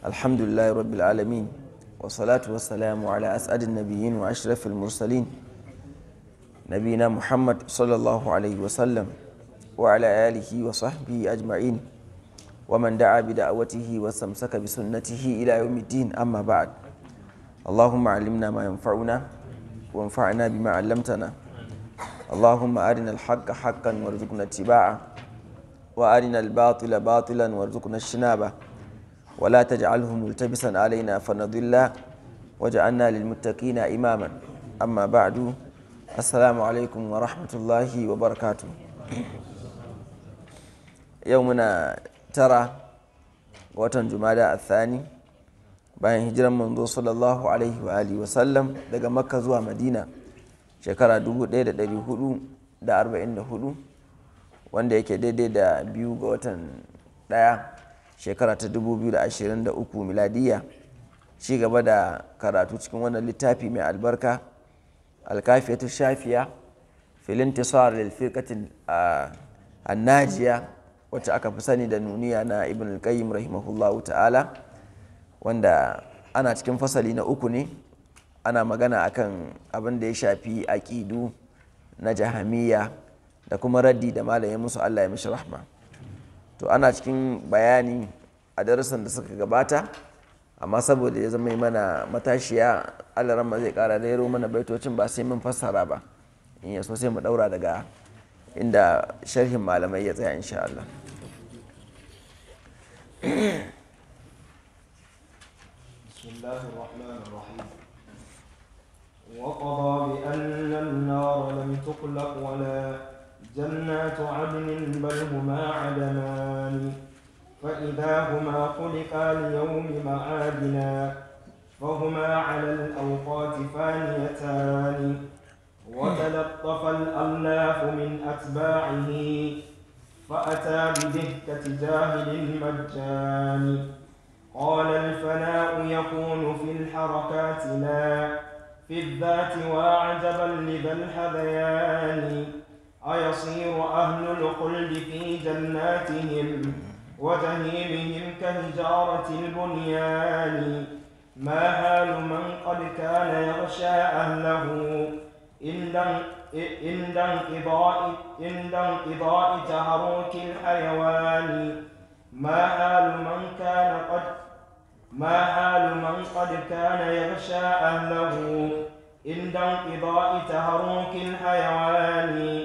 alhamdulillahi rabbil alamin wa salatu wassalamu ala as'adin nabiyyin wa ashrafil mursalin nabina muhammad sallallahu alaihi wasallam wa ala alihi wa sahbihi ajma'in wa man da'a bi da'awatihi wa samsaka bi sunnatihi ila yawmiddin amma ba'd allahumma allimna ma yanfa'una wa anfa'na bima 'allamtana allahumma arina al-haqqa haqqan warzuqna wa batila batilan warzuqna ijtinaba ولا تجعله ملتبسا علينا فنضل وجعلنا للمتقين اماما اما بعد السلام عليكم ورحمه الله وبركاته يومنا ترى watan jumada a thani bayan hijiran manzo sallallahu alaihi wa alihi wasallam daga makka zuwa madina shekara 1444 wanda yake daidai da biyu ga watan daya shekara ta 2023 miladiya ci gaba da karatu cikin wannan littafi mai albarka ta shafiya filin filintisar a najiya wacce aka fi sani da nuniya na ibn alkayyim rahimahullah ta'ala wanda ana cikin fasali na uku ne ana magana akan abin da ya shafi aƙidu na jahamiya da kuma raddi da ya musu Allah ya mishi rahma to ana cikin bayani a darasan da suka gabata amma saboda ya zama mana matashiya alarama zai kara rero mana baitocin ba sai mun fassara ba in ya so sai mu daura daga inda sharhin malamai ya tsaya insha Allah بسم الله الرحمن الرحيم وقضى بأن النار لم تقلق ولا جنات عدن بل هما عدنان فإذا هما خلقا ليوم معادنا فهما على الأوقات فانيتان وتلطف الألاف من أتباعه فأتى بدهكة جاهل مجان قال الفناء يكون في الحركات لا في الذات وعجبا لذا الحذيان أيصير أهل الخلد في جناتهم وتهيمهم كهجارة البنيان ما هال من قد كان يغشى أهله إلا انقضاء إن انقضاء تهروك الحيوان ما هال من كان قد ما هال من قد كان يغشى أهله إلا انقضاء تهروك الحيوان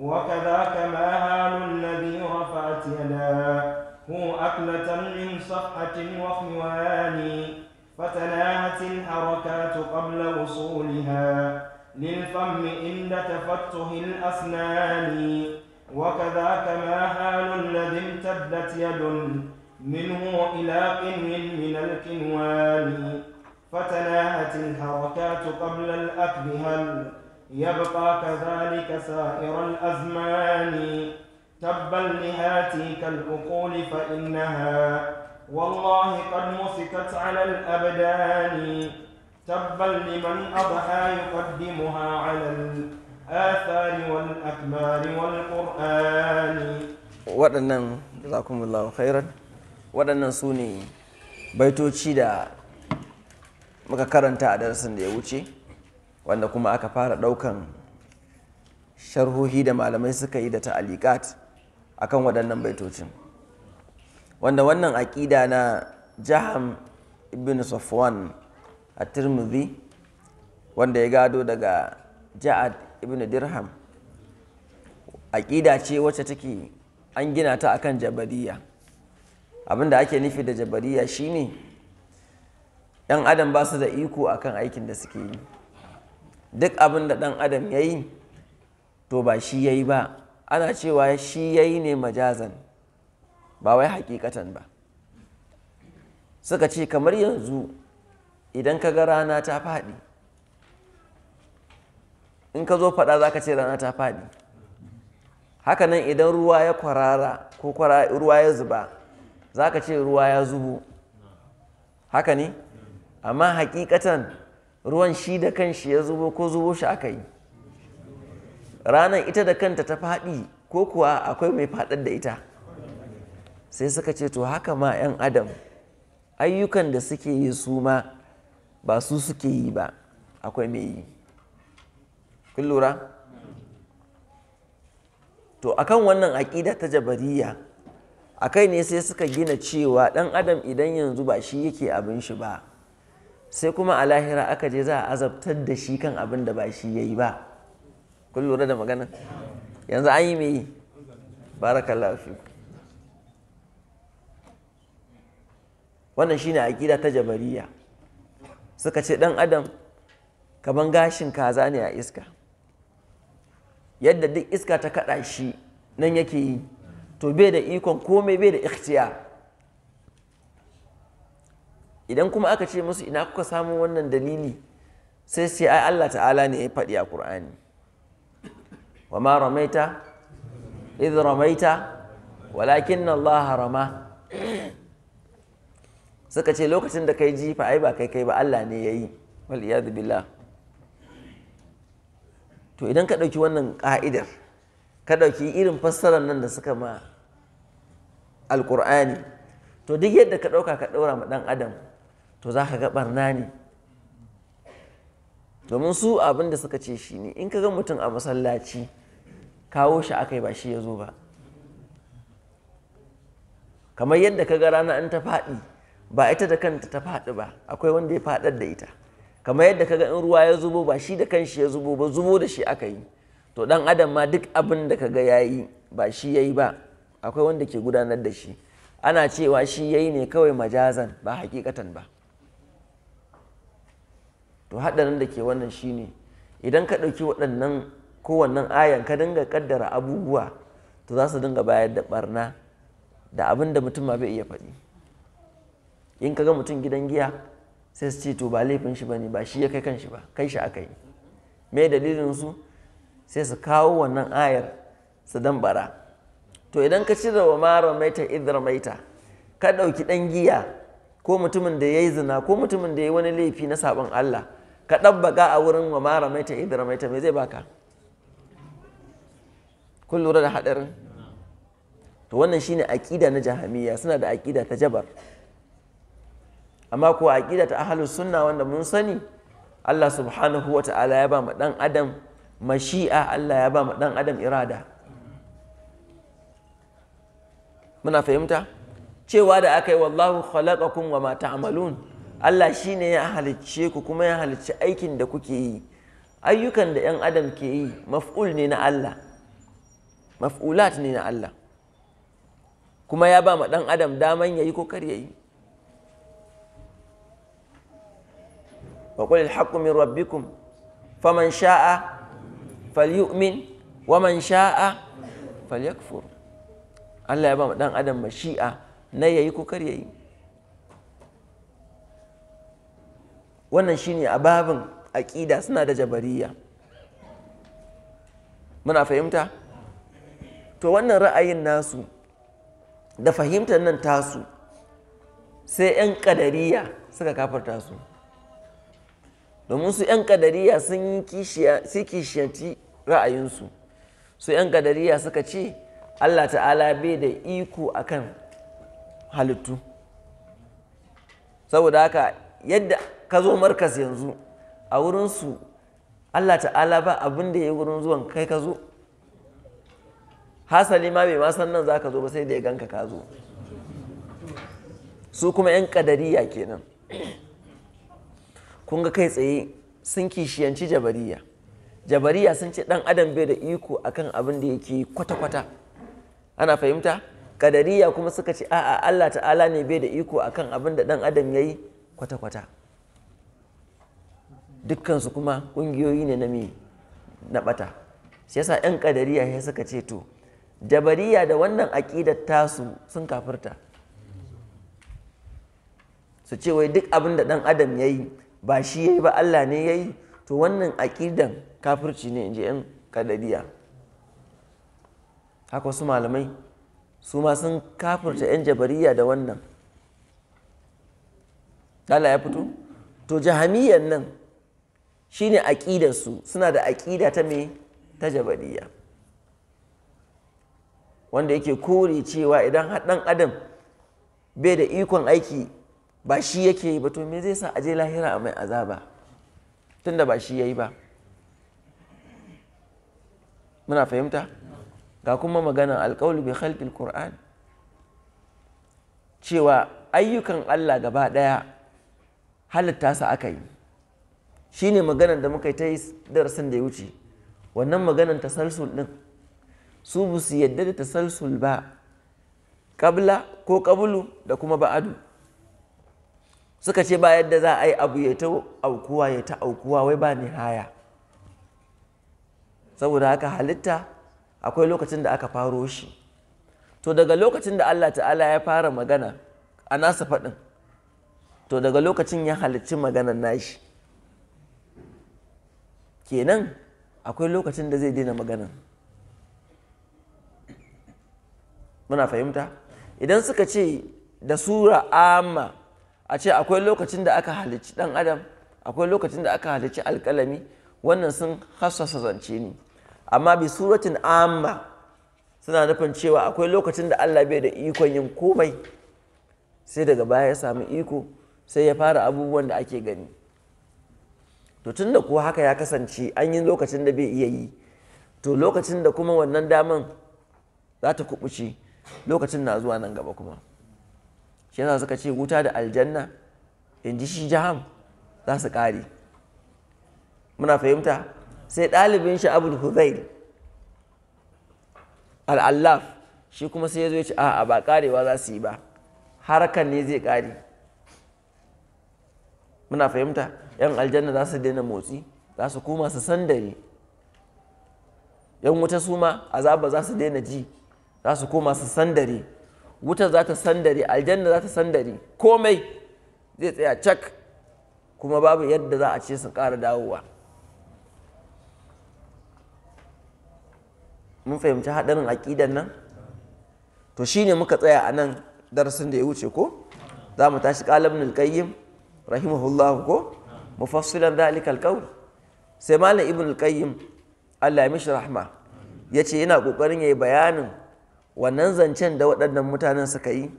وكذاك ما هان الذي رفعت يداه هو أكلة من صفحة وخوان فتناهت الحركات قبل وصولها للفم عند تفتح الأسنان وكذاك ما هان الذي امتدت يد منه إلى قنو من الكنوان فتناهت الحركات قبل الأكبهل يبقى كذلك سائر الأزمان تبا لهاتيك العقول فإنها والله قد مسكت على الأبدان تبا لمن أضحى يقدمها على الآثار والأكمال والقرآن waɗannan jazakumullahu الله خيرا su سوني baitoci da muka karanta a darasin da ya wuce wanda kuma aka fara daukan sharhohi da malamai suka yi da ta'alikat akan waɗannan baitocin wanda wannan aƙida na jaham ibn safwan a tirmidhi wanda ya gado daga ja'ad ibn dirham aƙida ce wacce take an gina ta akan jabariya abinda ake nufi da jabariya shine 'yan adam ba su da iko akan aikin da suke yi duk abin da ɗan adam ya yi to ba shi ya yi ba ana cewa shi ya yi ne majazan ba wai hakikatan ba suka ce kamar yanzu idan ka ga rana ta faɗi in ka zo faɗa za ka ce rana ta faɗi hakanan idan ruwa ya kwarara ko ruwa ya zuba za ka ce ruwa ya zubo haka ne amma hakikatan ruwan shi da kan shi ya zubo ko zubo shi aka yi ranar ita da kanta ta faɗi ko kuwa akwai mai faɗar da ita sai suka ce to haka ma 'yan adam ayyukan da suke yi su ma ba su suke yi ba akwai mai yi kun lura to a kan wannan aƙida ta jabariya akai ne sai suka gina cewa ɗan adam idan yanzu ba shi yake abin shi ba sai kuma a lahira aka je za a azabtar da shi kan abin da ba shi ya yi ba kun lura da magana yanzu an yi mai barakallahu fi wannan shi shine aƙida ta jabariya suka ce ɗan adam kaman gashin kaza ne a iska yadda duk iska ta kaɗa shi nan yake yi to bai da ikon komai bai da ikhtiyar idan kuma aka ce musu ina kuka samu wannan dalili sai sai ai Allah ta'ala ne ya faɗi a Qur'ani wa ma ramaita idh ramaita walakin Allah rama suka ce lokacin da kai jifa ai ba kai kai ba Allah ne yayi wal iyad billah to idan ka ɗauki wannan ka'idar ka ɗauki irin fassarar nan da suka ma alƙur'ani to duk yadda ka ɗauka ka ɗaura ma ɗan adam to za ka ga barna ne domin su abin da suka ce shi ne in ka ga mutum a masallaci kawo shi aka yi ba shi ya zo ba kamar yadda ka ga rana an ta faɗi ba ita da kanta ta faɗi ba akwai wanda ya faɗar da ita kamar yadda ka ga in ruwa ya zubo ba shi da kanshi ya zubo ba zubo da shi aka yi to dan adam ma duk abin da ka ga ya yi ba shi ya yi ba akwai wanda ke gudanar da shi ana cewa shi ya yi ne kawai majazan ba hakikatan ba to haɗarin da ke wannan shine idan ka ɗauki waɗannan kowannan ayan ka dinga kaddara abubuwa to za su dinga bayar da ɓarna da abin da mutum ma bai iya faɗi in ka ga mutum gidan giya sai su ce to ba laifin shi ba ne ba shi ya kai kanshi ba kai shi aka yi me dalilin su sai su kawo wannan ayar su dan bara to idan ka cire wa mara maita idra maita ka ɗauki ɗan giya ko mutumin da ya yi zina ko mutumin da ya yi wani laifi na saɓon Allah ka ɗabbaka a wurin wa mara ta ramaita mai ta me zai baka kun lura da haɗarin to wannan shine aƙida na jahamiya suna da aƙida ta jabar amma ko aƙida ta ahlus sunna wanda mun sani Allah subhanahu wa ta'ala ya ba mu ɗan adam mashi'a Allah ya ba mu ɗan adam irada muna fahimta cewa da aka yi wallahu khalaqakum wa ma ta'malun Allah shi ne ya halicce ku kuma ya halicci aikin da kuke yi ayyukan da 'yan adam ke yi maf'ul ne na Allah maf'ulat ne na Allah kuma ya ba ma ɗan adam daman ya yi ko kar ya yi wa qul min rabbikum faman sha'a falyu'min wa man sha'a falyakfur Allah ya ba ma ɗan adam mashi'a na ya yi ko kar yi. wannan shine a babin aƙida suna da jabariya muna fahimta to wannan ra'ayin nasu da fahimtar nan tasu sai 'yan ƙadariya suka kafarta su domin su 'yan ƙadariya sun yi kishiyanci ra'ayinsu su 'yan ƙadariya suka ce allah ta'ala bai da iko akan halittu saboda haka yadda ka zo markas yanzu a wurinsu Allah ta'ala ba abin da ya yi wurin zuwan kai ka zo hasali ma bai ma san nan za ka zo ba sai da ya ganka ka zo su kuma 'yan kadariya kenan kun ga kai tsaye sun kishiyanci jabariya jabariya sun ce dan adam bai da iko akan abin da yake kwata-kwata ana fahimta Ƙadariya kuma suka ce a'a Allah ta'ala ne bai da iko akan abin da dan adam yayi kwata-kwata dukkansu kuma kungiyoyi ne na mi na bata. shi yasa 'yan kadariya ya suka ce to jabariya da wannan aƙidar tasu sun kafirta su ce wai duk abin da dan adam ya yi ba shi ya yi ba Allah ne ya yi to wannan aƙidan kafirci ne inji 'yan kadariya. haka su malamai su ma sun kafirta 'yan jabariya da wannan Allah ya fito to jahamiyyar nan shine su suna da aƙida ta me ta wanda yake kore cewa idan haɗan adam bai da ikon aiki ba shi yake yi ba to me zai sa aje lahira a mai azaba tunda ba shi yayi ba muna fahimta ga kuma maganan alƙawli bi khalqil qur'an cewa ayyukan Allah gaba ɗaya halitta sa aka yi Shi ne maganar da muka yi ta yi darasin da ya wuce wannan maganar tasalsul ɗin? su ba su yadda da tasalsul ba kabla ko kabulu da kuma ba'adu suka ce ba yadda za a yi abu ya ta aukuwa ya ta aukuwa wai ba haya. saboda haka halitta akwai lokacin da aka faro shi to daga lokacin da Allah ta'ala ya fara magana a nasa faɗin to daga lokacin ya halicci maganar nashi kenan akwai lokacin da zai daina maganan muna fahimta idan suka ce da sura amma a ce akwai lokacin da aka halicci dan adam akwai lokacin da aka halicci alkalami wannan sun hassasa zance ne amma bi suratin amma suna nufin cewa akwai lokacin da allah bai da ikon yin komai sai daga baya ya samu iko sai ya fara abubuwan da ake gani to tun da kuwa haka ya kasance an yi lokacin da bai iya yi to lokacin da kuma wannan daman za ta kubuce lokacin na zuwa nan gaba kuma shi yana suka ce wuta da aljanna in ji shi jaham za su ƙare muna fahimta sai ɗalibin shi abul huzail al'allaf shi kuma sai ya zo ya ce a ba ƙarewa za su yi ba harakan ne zai ƙare muna fahimta yan aljanna za su daina motsi za su koma su sandare yan wuta suma azaba za su daina ji za su koma su sandare wuta za ta sandare aljanna za ta sandare komai zai tsaya cak kuma babu yadda za a ce su ƙara dawowa mun fahimci haɗarin aƙidan nan to shine muka tsaya a nan darasin da ya wuce ko za mu tashi ƙalabnul qayyim rahimahullahu ko mufassilan dhalika alqawl sai malam ibn al-qayyim Allah ya mishi rahma yace ya kokarin bayanin wannan zancen da waɗannan mutanen suka yi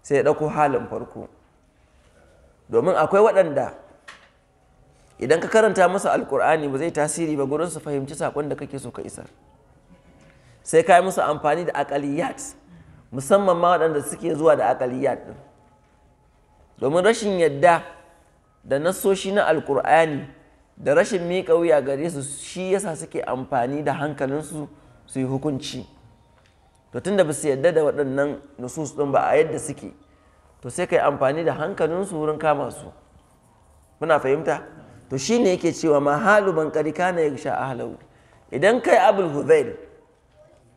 sai ya ɗauko halin farko domin akwai waɗanda idan ka karanta masa alkur'ani ba zai tasiri ba gurin su fahimci sakon da kake so ka isar sai ka yi musu amfani da akaliyat musamman ma waɗanda suke zuwa da akaliyat ɗin domin rashin yadda da nassoshi na alkur'ani da rashin miƙa wuya gare su shi yasa suke amfani da hankalinsu su yi hukunci to tunda ba su yadda da waɗannan nusus ɗin ba a yadda suke to sai ka yi amfani da hankalinsu wurin kama su muna fahimta to shi ne yake cewa mahalu ban ya ya sha ahalau idan kai abul huzail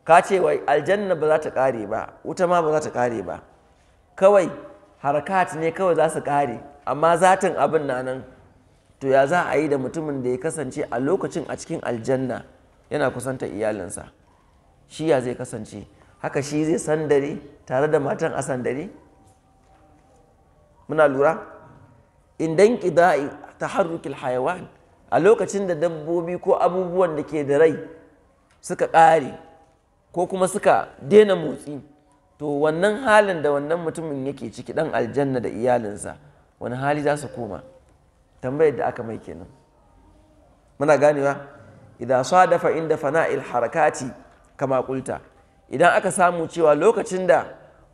ka ce wai aljanna ba za ta kare ba wuta ma ba za ta kare ba kawai harakat ne kawai za su kare amma zatin abin na nan to ya za a yi da mutumin da ya kasance a lokacin a cikin aljanna yana kusanta iyalinsa shi ya zai kasance haka shi zai sandare tare da matan a sandare muna lura in idan ta taharrukil hayawan a lokacin da dabbobi ko abubuwan da ke da rai suka ƙare ko kuma suka dena motsi to wannan halin da wannan mutumin yake ciki ɗan aljanna da iyalinsa wani hali za su koma tambayar da aka mai kenan muna ganewa idan dafa inda fana'il harakati kama kulta idan aka samu cewa lokacin da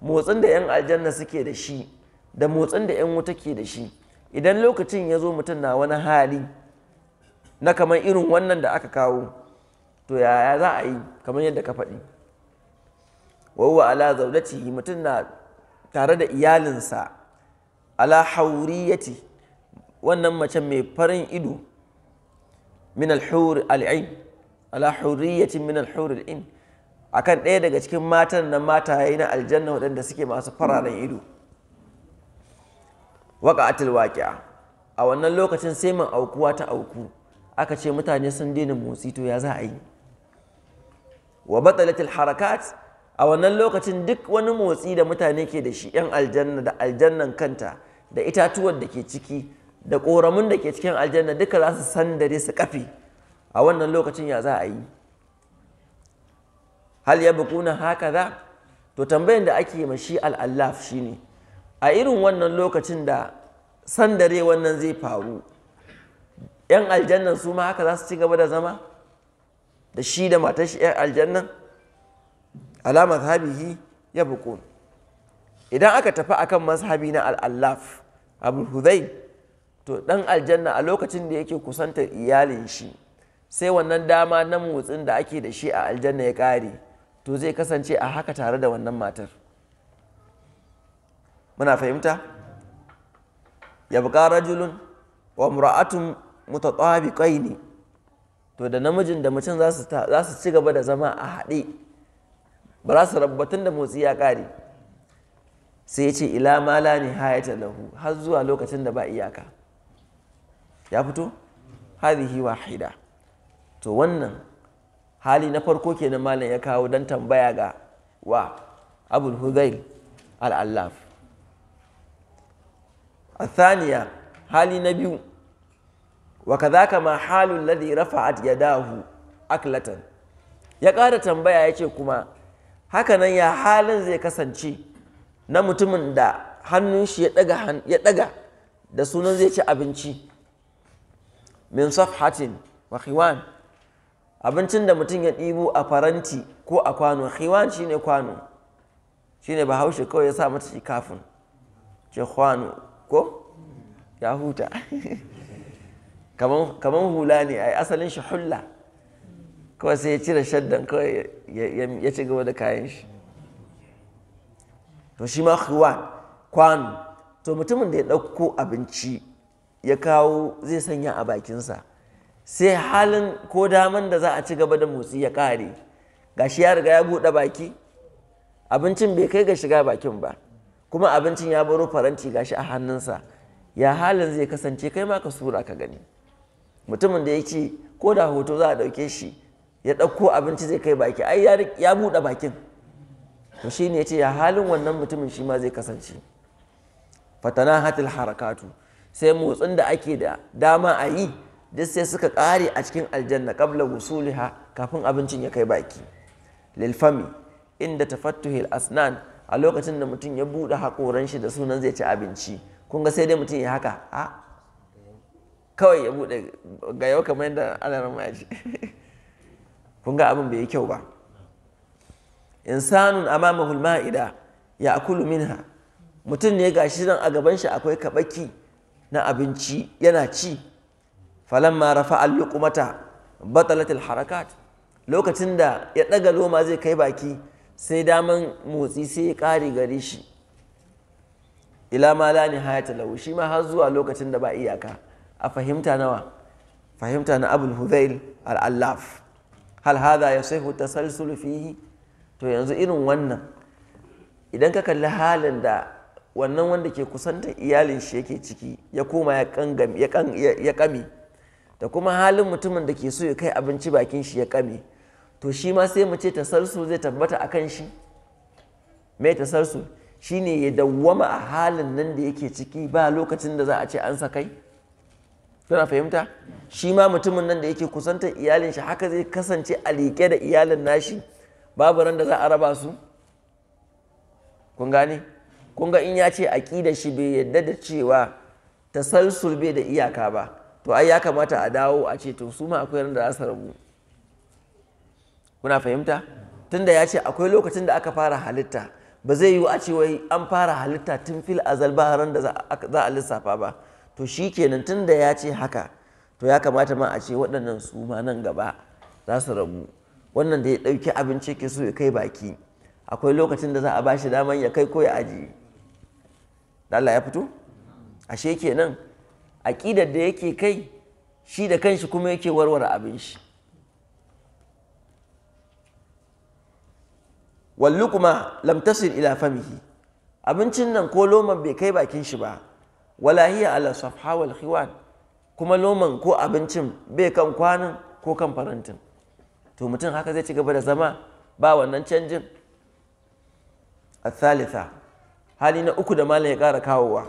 motsin da 'yan aljanna suke da shi da motsin da 'yan wuta ke da shi idan lokacin ya zo mutum na wani hali na kamar irin wannan da aka kawo to yaya za a yi kamar yadda ka faɗi wawa ala zaudatihi mutum na tare da iyalinsa ala hauriyati wannan mace mai farin ido min alhur al'in ala hauriyati min alhur al'in a kan akan ɗaya daga cikin matan nan mataye na aljanna waɗanda suke masu fararen ido Atil waƙi'a a wannan lokacin sai man aukuwa ta auku aka ce mutane sun daina motsi to ya za a yi wa batalatul harakat a wannan lokacin duk wani motsi da mutane ke da shi yan aljanna da aljannan kanta da itatuwan da ke ciki da ƙoramin da ke cikin aljanna duka za su san dare su kafe a wannan lokacin ya za a yi hal ya bukuna haka za to tambayan da ake ma shi al'allaf ne. a irin wannan lokacin da san dare wannan zai faru yan aljannan su ma haka za su ci gaba da zama da shi da matar shi yan aljannan alama zahabihi ya bukuna. idan aka tafi akan mazhabi na al'allaf abu hudai to dan aljanna a lokacin da yake kusantar iyalin shi sai wannan dama na motsin da ake da shi a aljanna ya ƙare to zai kasance a haka tare da wannan matar muna fahimta yabqa rajulun wa ƙwai ne. to da namijin da mutum za su ci gaba da zama a haɗe ba za su rabbatun da motsi ya ƙare sai ya ce ila ma la nihayata lahu har zuwa lokacin da ba iyaka ya fito hadhihi wahida to wannan hali na farko kenan malam ya kawo don tambaya ga wa abul hudail al'allaf A thaniya hali na biyu wa kadhaka ma rafa a ya dahu aklatan ya ƙara tambaya ya ce kuma hakanan ya halin zai kasance na mutumin da hannun shi ya ɗaga da sunan zai ci abinci min safhatin wa khiwan abincin da mutum ya ɗibo a faranti ko a kwano khiwan shine kwano shine bahaushe kawai ya sa mata shi kafin ce kwano ko ya huta kaman hula ne a asalin shi hula. kawai sai ya cire shaddan kawai ya ci gaba da kayan shi to shi ma khiwan kwano to mutumin da ya ɗauko abinci ya kawo zai sanya a bakinsa sai halin ko daman da za a ci gaba da motsi ya ƙare gashi ya riga ya buɗe baki abincin bai kai ga shiga bakin ba kuma abincin ya baro faranti gashi a hannunsa ya halin zai kasance kai ma ka sura ka gani mutumin da ya ce ko da hoto za a ɗauke shi ya ɗauko abinci zai kai baki ai ya buɗe bakin to shine ce, ya halin wannan mutumin shi ma zai kasance fatana hatil harakatu sai motsin da ake da dama a yi duk sai suka ƙare a cikin aljanna kabla wusuliha kafin abincin ya kai baki lilfami inda tafattuhil asnan a lokacin da mutum ya buɗe haƙoran shi da sunan zai ci abinci kun ga sai dai mutum ya haka a kawai ya buɗe ga yau kamar yadda ana rama ya kun ga abin bai yi kyau ba insanun amamahul ma'ida ya akulu minha mutum ne ga shirin a gaban shi akwai kabaki na abinci yana ci ma rafa luqmata batalatil harakat lokacin da ya ɗaga loma zai kai baki sai daman motsi sai ya kare gare shi ila ma la haya lahu shi ma har zuwa lokacin da ba iyaka a fahimta nawa fahimta na abul hudhail al-allaf hal hadha yasihu tasalsul fihi to yanzu irin wannan idan ka kalli halin da wannan wanda ke kusanta iyalin shi yake ciki ya koma ya kame da kuma halin mutumin da ke so ya kai abinci bakin shi ya kame to shi ma sai mu ce tasalsul zai tabbata a kan shi mai tasalsul shine ya dawwama a halin nan da yake ciki ba lokacin da za a ce an sa kai kana fahimta shi ma mutumin nan da yake kusantar iyalin shi haka zai kasance a liƙe da iyalin nashi babu ran da za a raba su kun gane kun ga in ya ce aƙida shi bai yadda da cewa tasalsul bai da iyaka ba to ai ya kamata a dawo a ce to su ma akwai ran da za su rabu kuna fahimta tunda ya ce akwai lokacin da aka fara halitta ba zai yiwu a ce wai an fara halitta tun fil azal ba ran da za a lissafa ba to shi kenan tunda ya ce haka to ya kamata ma a ce waɗannan su ma nan gaba za su rabu wannan da ya ɗauki abinci ke so ya kai baki akwai lokacin da za a bashi daman ya kai ko ya ajiye Allah ya fito ashe kenan aƙidar da yake kai shi da kanshi kuma yake warware abin shi wallu kuma lam tasir ila famihi abincin nan ko loman bai kai bakin shi ba wala hiya ala safha wal khiwan kuma loman ko abincin bai kan kwanan ko kan farantin to mutum haka zai ci gaba da zama ba wannan canjin a thalitha hali na uku da malam ya ƙara kawowa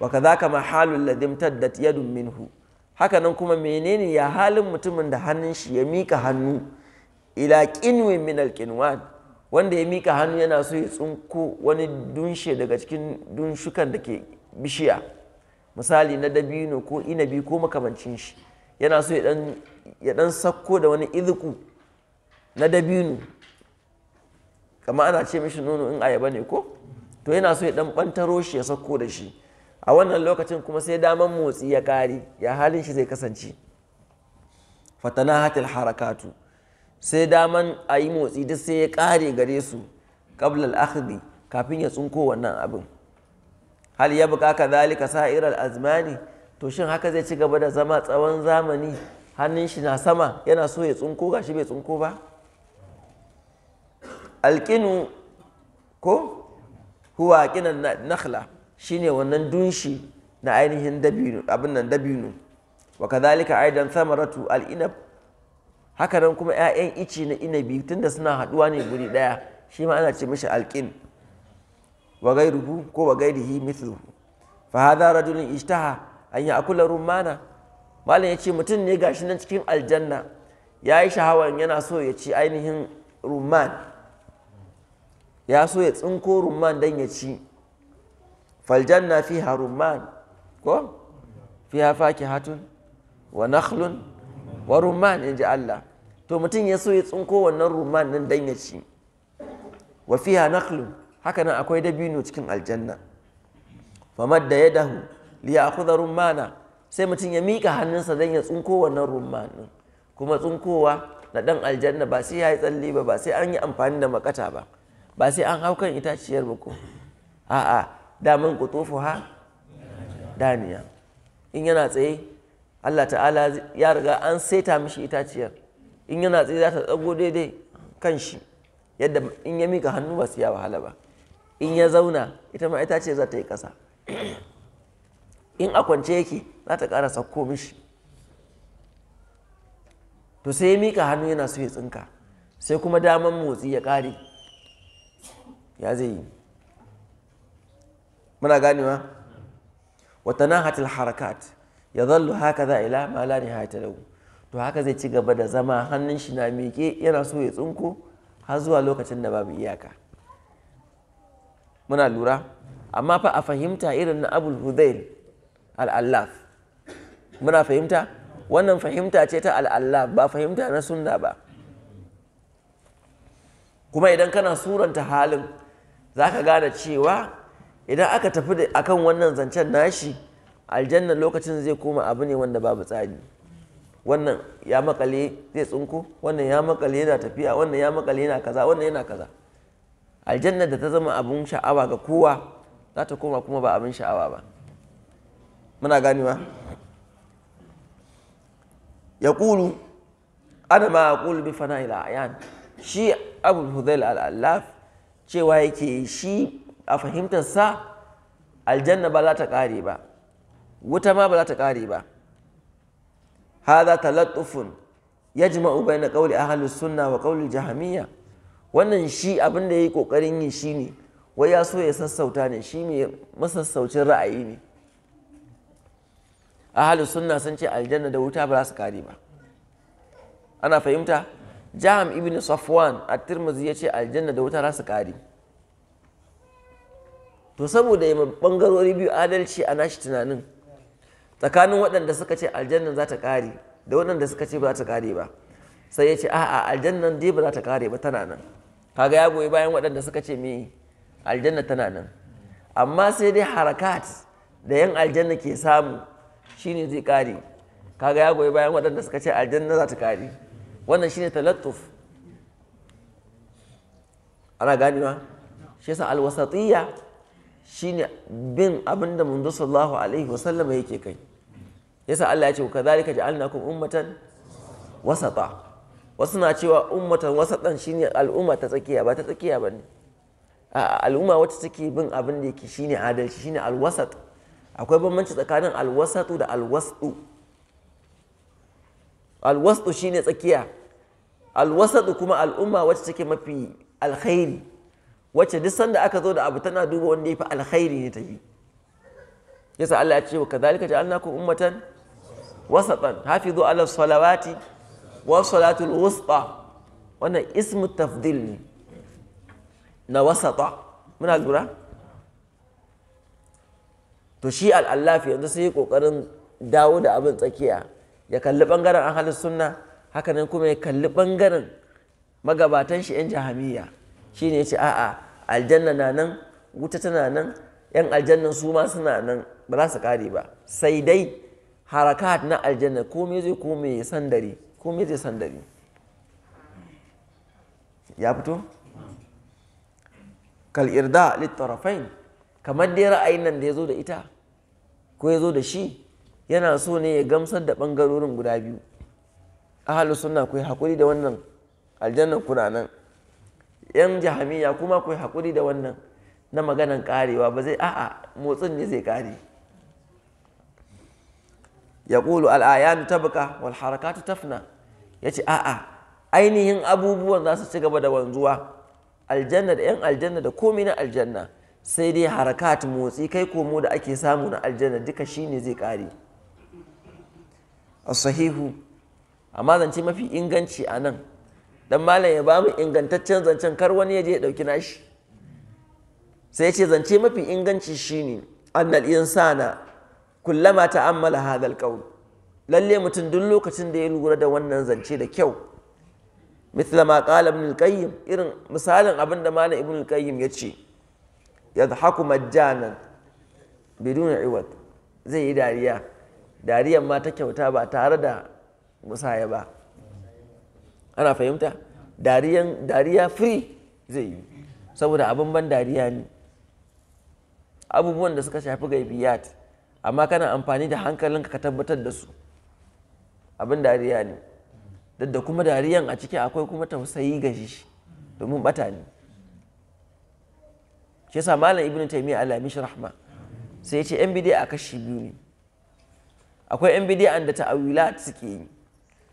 wa ka ma halin ladin taddat yadun minhu haka nan kuma menene ya halin mutumin da hannun shi ya mika hannu ila qinwi min alkinwan wanda ya mika hannu yana so ya tsunko wani dunshe daga cikin dunshukan da ke bishiya misali na dabino ko inabi ko makamancin shi yana so ya dan ya dan sakko da wani iziku na dabino kama ana ce mishi nono in ayaba ne ko to yana so ya dan bantaro shi ya sakko da shi a wannan lokacin kuma sai daman motsi ya kare ya halin shi zai kasance fatana hatil harakatu sai daman a yi motsi duk sai ya kare gare su kabla al kafin ya tsunko wannan abin hal ya buka ka zalika sa'irar azmani to shin haka zai ci gaba da zama tsawon zamani hannun shi na sama yana so ya tsunko shi bai tsunko ba alƙinu ko huwa aƙinan nakhla shine wannan dunshi na ainihin dabino abin nan dabino wa kadhalika aidan thamaratu al-inab haka nan kuma 'ya'yan ici na inabi tunda suna haɗuwa ne guri daya shi ma ana ce mishi alkin wa gairuhu ko wa gairihi mithluhu fa hadha rajulun ishtaha an ya'kula rumana malam ya ce mutum ne gashi nan cikin aljanna ya yi shahawar yana so ya ci ainihin rumman ya so ya tsinko rumman don ya ci faljanna ha rumman ko faki hatun, wa nakhlun wa rumman in ji Allah to mutum ya so ya tsinko wannan rumman nan don ya ci wa ha nakhlun haka nan akwai dabino cikin aljanna famadda yadahu liya ya'khudha rummana sai mutum ya miƙa hannunsa don ya tsunko wannan rumma ɗin kuma tsunkowa na ɗan aljanna ba sai ya yi tsalle ba ba sai an yi amfani da makata ba ba sai an hau kan itaciyar ba ko a'a ku kutufu ha daniya in yana tsaye Allah ta'ala ya riga an saita mishi itaciyar in yana tsaye za ta tsago daidai kan shi yadda in ya mika hannu ba su ya wahala ba in ya zauna ita ma ita ce za ta yi ƙasa in a kwance yake za ta ƙara sauko mishi to sai ya mika hannu yana so ya tsinka sai kuma daman motsi ya kare. ya zai yi muna ganewa wata nan hatil harakat ya zallu haka za a ila ma la nihayata to haka zai ci gaba da zama hannun shi na miƙe yana so ya tsinko har zuwa lokacin da babu iyaka muna lura amma fa a fahimta irin na abul hudail al'allaf muna fahimta wannan fahimta ce ta al'allaf ba fahimta na sunna ba kuma idan kana suranta halin za ka gane cewa idan aka tafi akan wannan zancen nashi aljanna lokacin zai koma abu ne wanda babu tsari wannan ya makale zai tsinko wannan ya makale yana tafiya wannan ya makale yana kaza wannan yana kaza aljanna da ta zama abin sha'awa ga kowa za ta koma kuma ba abin sha'awa ba muna ganewa ya kulu ana ma kulu bi fana ila ayan shi abu hudail al'alaf cewa yake shi a fahimtar sa aljanna ba za ta kare ba wuta ma ba za ta kare ba hadha talattufun yajma'u bayna qawli ahli sunna wa qawli jahamiyya wannan shi abin da yayi kokarin yi shine wai ya so ya sassauta ne shi mai masassaucin ra'ayi ne ahalus sunna sun ce aljanna da wuta ba za su kare ba ana fahimta jaham ibn safwan a tirmizi ya ce aljanna da wuta za su kare to saboda yi bangarori biyu adalci a nashi tunanin tsakanin waɗanda suka ce aljanna za ta kare da waɗanda suka ce ba za ta kare ba sai ya ce a'a aljannan dai ba za ta kare ba tana nan kaga ya goyi bayan waɗanda suka ce me aljanna tana nan amma sai dai harakat da yan aljanna ke samu shine zai kare kaga ya goyi bayan waɗanda suka ce aljanna za ta kare wannan shine talattuf ana ganewa shi yasa alwasatiyya shine bin abin da mundu sallallahu alaihi sallama yake kai yasa Allah ya ce ka kadhalika ja'alnakum ummatan wasata wasu na cewa ummatan wasatan shine al'umma ta tsakiya ba ta tsakiya bane al'umma wacce take bin abin da yake shine adalci shine alwasat akwai bambanci tsakanin alwasatu da alwastu alwastu shine tsakiya alwasatu kuma al'umma wacce take mafi alkhairi wacce duk sanda aka zo da abu tana duba wanda ya fi alkhairi ne ta yi yasa Allah ya ce wa kadhalika ja'alnakum ummatan wasatan hafizu ala salawati wa salatul wusta wannan ismu tafdil ne na wasata muna lura to shi al'allafi yanzu sai yi kokarin dawo da abin tsakiya ya kalli bangaren halin sunna Haka hakanan kuma ya kalli bangaren magabatan shi yan jahamiya shine ya ce a'a aljanna na nan wuta tana nan yan aljannan su ma suna nan ba za su kare ba sai dai harakat na aljanna komai zai komai sandari komai zai sandari ya fito kal irda littarafain kamar dai ra'ayin nan da ya zo da ita ko ya zo da shi yana so ne ya gamsar da bangarorin guda biyu ahalus sunna ku yi da wannan aljannan kuna nan yan jahamiya kuma ku hakuri haƙuri da wannan na maganan karewa ba zai a'a motsin ne zai kare ya ƙulu al'ayanu tabka wal harakatu tafna ya ce a'a ainihin abubuwan za su ci gaba da wanzuwa aljanna da yan aljanna da komai na aljanna sai dai harakat motsi kai komo da ake samu na aljanna duka shine zai kare sahihu amma zance mafi inganci a nan dan malam ya ba mu ingantaccen zancen kar wani ya je ya dauki nashi sai ya ce zance mafi inganci shine annal insana kullama ta'ammala hadha alqawl lalle mutum duk lokacin da ya lura da wannan zance da kyau mithla ma qala ibn al-qayyim irin misalin abinda malam ibn al ya ce yadhaku majjanan bidun iwad zai yi dariya dariyan ma ta kyauta ba tare da musaya ba ana fahimta dariyan dariya firi zai yi saboda abin ban dariya ne abubuwan da suka shafi gaibiyat amma kana amfani da hankalinka ka tabbatar da su abin dariya ne da kuma dariyan a ciki akwai kuma tausayi ga shi domin bata ne shi yasa malam ibnu taymiya Allah ya mishi rahma sai ya ce yan a kashi biyu ne akwai yan bid'an da ta'awila suke yi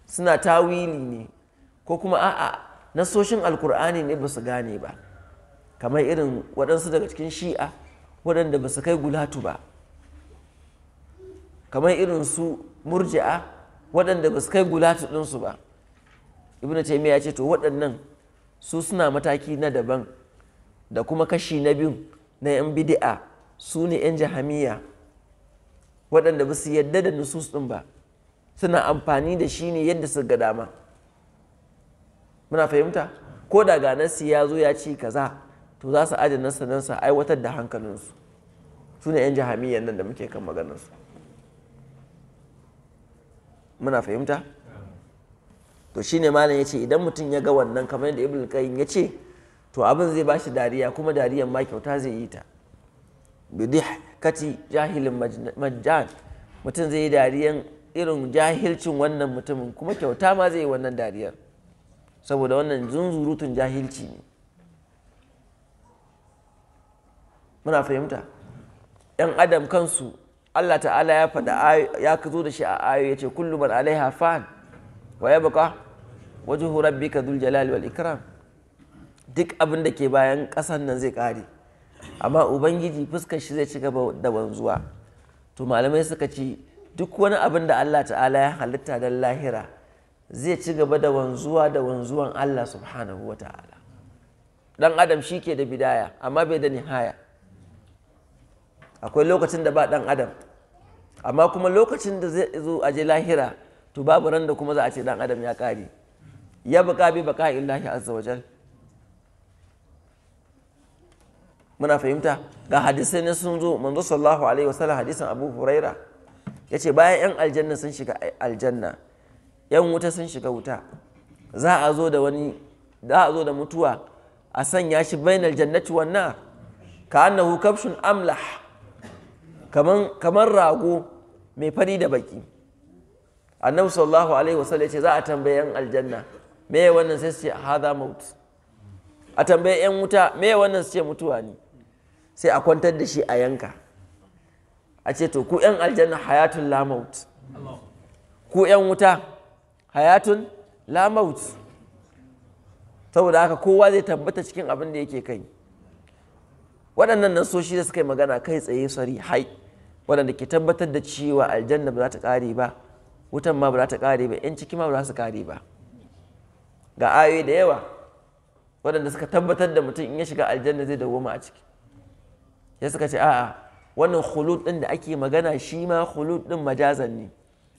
suna tawili ne ko kuma a'a nasoshin alkur'ani ne ba su gane ba kamar irin waɗansu daga cikin shi'a waɗanda ba su kai gulatu ba kamar irin su murji'a waɗanda ba su kai gulatu ɗinsu ba ibnu taymiya ya ce to waɗannan su suna mataki na daban da kuma kashi na biyu na 'yan bidi'a su ne 'yan jahamiya waɗanda ba su yadda da nusus ɗin ba suna amfani da shi ne yadda su ga dama muna fahimta ko da ga nasi ya zo ya ci kaza to za su ajiye nasa nan su aiwatar da hankalinsu su ne 'yan jahamiyan nan da muke kan maganarsu muna fahimta to shine malam ya ce idan mutum ya ga wannan kamar yadda ibn qayyim ya ce to abin zai bashi dariya kuma dariyan ma kyauta zai yi ta bidih kati jahilin majjan mutum zai yi dariyan irin jahilcin wannan mutumin kuma kyauta ma zai yi wannan dariyar saboda wannan zunzurutun jahilci ne muna fahimta yan adam kansu Allah ta'ala ya faɗa ya zo da shi a ayo ya ce kullum alaiha fan wa baka wajen rabbika ka jalali wal ikram duk abin da ke bayan kasan nan zai ƙare amma ubangiji fuskar shi zai ci gaba da wanzuwa to malamai suka ci duk wani abin da Allah ta'ala ya halitta don lahira zai ci gaba da wanzuwa da wanzuwan Allah subhanahu wa ta'ala dan adam shi ke da bidaya amma bai da nihaya akwai lokacin da ba dan adam amma kuma lokacin da zai zo a je lahira to babu ran da kuma za a ce dan adam ya kare ya baka bi baka illahi azza wajal muna fahimta ga hadisai ne sun zo manzo sallallahu alaihi wasallam hadisin abu huraira ya ce bayan 'yan aljanna sun shiga aljanna 'yan wuta sun shiga wuta za a zo da wani za a zo da mutuwa a sanya shi bainal jannati wan nar ka annahu kabshun amlah kaman kamar rago mai fari da baki annabi sallallahu alaihi wasallam ya ce za a tambaye 'yan aljanna me wannan sai su ce hadha maut a tambaye 'yan wuta me wannan su ce mutuwa ne sai a kwantar da shi a yanka a ce to ku 'yan aljanna hayatun lamaut ku 'yan wuta hayatun lamaut saboda haka kowa zai tabbata cikin abin da yake kai waɗannan nan soshi da suka yi magana kai tsaye sari hai waɗanda ke tabbatar da cewa aljanna ba za ta ƙare ba wutan ma ba za ta ƙare ba 'yan ciki ma ba za su ƙare ba ga ayoyi da yawa waɗanda suka tabbatar da mutum in ya shiga aljanna zai dawoma a ciki sai suka ce a'a wannan khulud din da ake magana shi ma khulud din majazan ne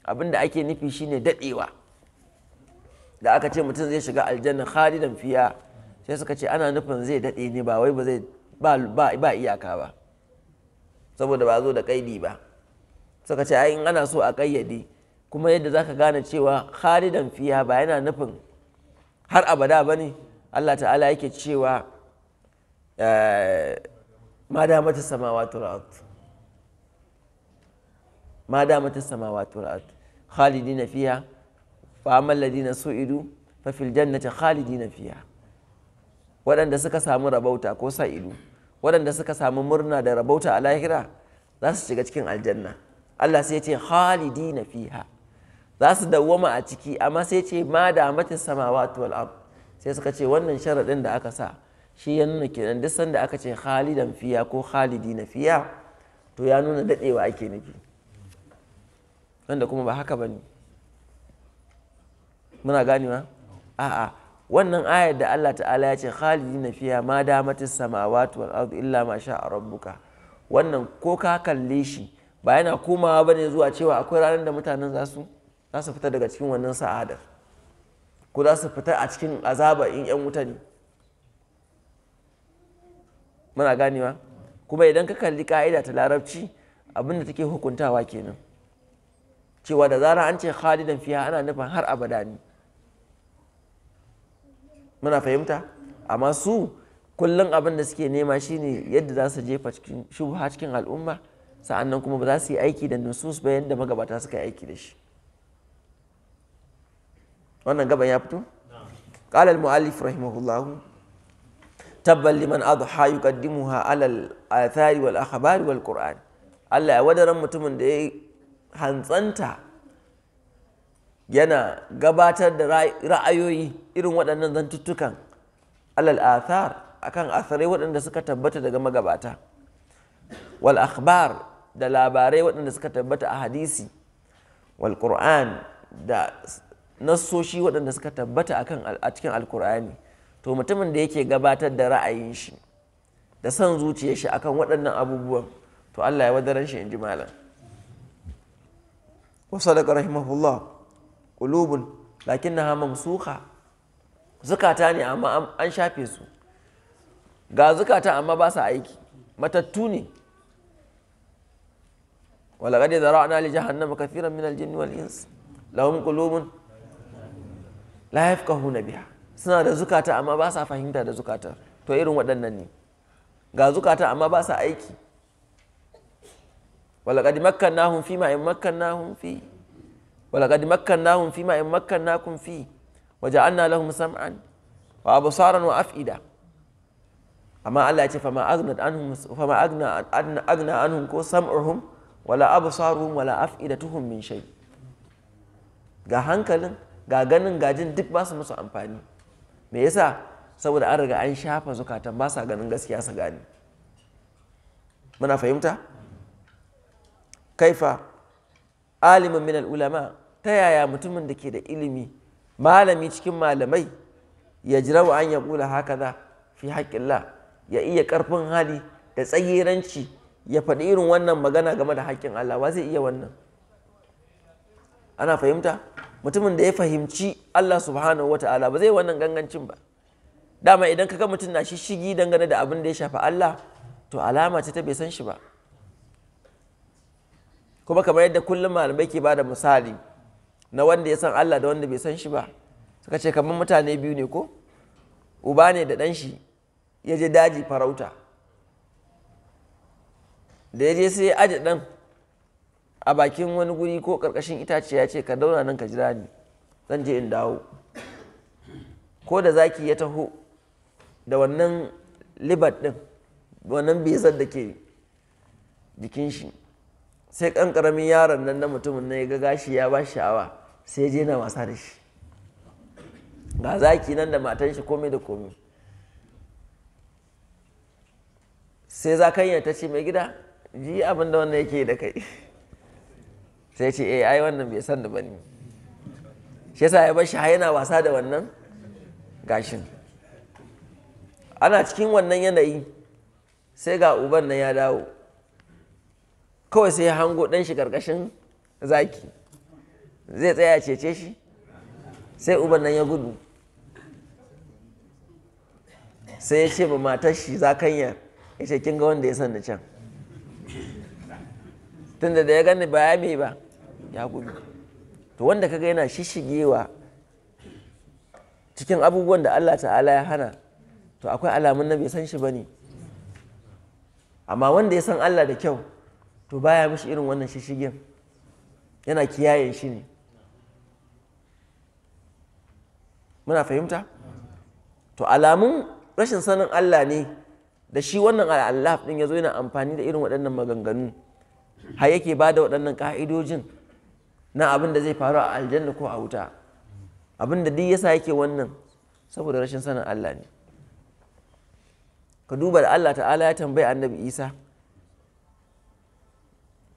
abin da ake nufi shine dadewa da aka ce mutum zai shiga aljanna khalidan fiya sai suka ce ana nufin zai dade ne ba wai ba zai ba iyaka ba saboda ba zo da kaidi ba suka ce ai in ana so a kayyade kuma yadda zaka gane cewa khalidan fiya ba yana nufin har abada bane Allah ta'ala yake cewa eh, ma damata samawati wal ard ma damata samawati wal ard khalidina fiha fa amal ladina su'idu fa fil jannati khalidina fiha waɗanda suka samu rabauta ko sa'idu waɗanda suka samu murna da rabauta a lahira za su shiga cikin aljanna Allah sai ya ce khalidina fiha za su dawwama a ciki amma sai ce ma da mata samawa wal ard sai suka ce wannan sharaɗin da aka sa shi ya nuna kenan duk sanda aka ce khalidan fiya ko khalidi na fiya to ya nuna dadewa ake nufi wanda kuma ba haka bane muna ganewa a'a wannan ayar da Allah ta'ala ya ce khalidi na fiya ma damatis samawati wal ardu illa ma sha rabbuka wannan ko ka kalle shi ba yana komawa bane zuwa cewa akwai ranar da mutanen za su za su fita daga cikin wannan sa'adar ko za su fita a cikin azaba in yan wuta ne muna ganewa kuma idan ka kalli ka'ida ta larabci abinda take hukuntawa kenan cewa da zara an ce khalidan fiya ana nufin har abada ne muna fahimta amma su kullum abin da suke nema shine yadda za su jefa cikin shubha cikin al'umma sa'annan kuma ba za su yi aiki da nusus ba yadda magabata suka yi aiki da shi wannan gaban ya fito ƙalal al muallif rahimahullahu tabbal liman adha yuqaddimuha alal athari wal akhbari wal qur'an Allah ya wadaran mutumin da ya hantsanta yana gabatar da ra'ayoyi irin waɗannan zantuttukan alal athar akan asarai waɗanda suka tabbata daga magabata wal akhbar da labarai waɗanda suka tabbata a hadisi wal qur'an da nassoshi waɗanda suka tabbata a cikin alkur'ani to mutumin da yake gabatar da ra'ayin shi da son zuciya shi akan waɗannan abubuwan to Allah ya wadaran shi in ji malam wa sadaqa rahimahullah qulubun lakinnaha mamsuha zukata ne amma an shafe su ga zukata amma ba sa aiki matattu ne ولقد ذرأنا لجهنم كثيرا من الجن والإنس لهم قلوب لا يفقهون بها suna da zukata amma ba sa fahimta da zukata to irin waɗannan ne ga zukata amma ba sa aiki walaƙad makkannahum fi ma in makkannahum fi walaƙad makkannahum fi ma in makkannakum fi waja'alna lahum sam'an wa absaran wa af'ida amma Allah ya ce fa agnat anhum fama agna agna anhum ko sam'uhum wala absaruhum wala af'idatuhum min shay ga hankalin ga ganin gajin duk ba su musu amfani me yasa saboda an riga an shafa zukatan ba sa ganin gaskiya su gani muna fahimta kaifa alimin min ulama ta yaya mutumin da ke da ilimi malami cikin malamai ya wa an ya kula za fi la, ya iya ƙarfin hali da tsayiranci ya faɗi irin wannan magana game da haƙƙin Allah wa zai iya wannan ana fahimta mutumin da ya fahimci Allah subhanahu wata'ala ba zai wannan gangancin ba dama idan kaga mutum na shishigi dangane da abin da ya shafa Allah to alama ce ta bai san shi ba kuma kamar yadda kullum malamai ke ba da misali na wanda ya san Allah da wanda bai san shi ba suka ce kamar mutane biyu ne ko uba ne da ɗan shi ya je daji farauta da ya je sai ya aje dan. a bakin wani guri ko karkashin itace ya ce ka dauna nan ka jira ni zan je in dawo ko da zaki ya taho da wannan libat din wannan bezar da ke jikin shi sai kan karamin yaron nan na mutumin na ya ga gashi ya ba sha'awa sai ya je na wasa da shi ga zaki nan da matan shi komai da komai sai zakanya ta ce mai gida ji abinda da wannan yake da kai sai ce eh ai wannan bai san da bane shi yasa ya bashi yana wasa da wannan gashin ana cikin wannan yanayi sai ga uban nan ya dawo kawai sai ya hango ɗan shi ƙarƙashin zaki zai tsaya cece shi sai uban nan ya gudu sai ya ce ba matar shi za zakanya ya ce kin ga wanda ya san da can tunda da ya gani ba ya mai ba ya gudu to wanda kaga yana shishigewa cikin abubuwan da Allah ta'ala ya hana to akwai alamun na bai san shi ba ne. amma wanda ya san Allah da kyau to baya mishi irin wannan shishigen yana kiyaye shi ne muna fahimta to alamun rashin sanin Allah ne da shi wannan al'allaf din ya zo yana amfani da irin waɗannan maganganu har yake ba da waɗannan ƙa'idojin na abin da zai faru a aljanna ko a wuta abin da duk yasa yake wannan saboda rashin sanin Allah ne ka duba da Allah ta'ala ya tambayi annabi Isa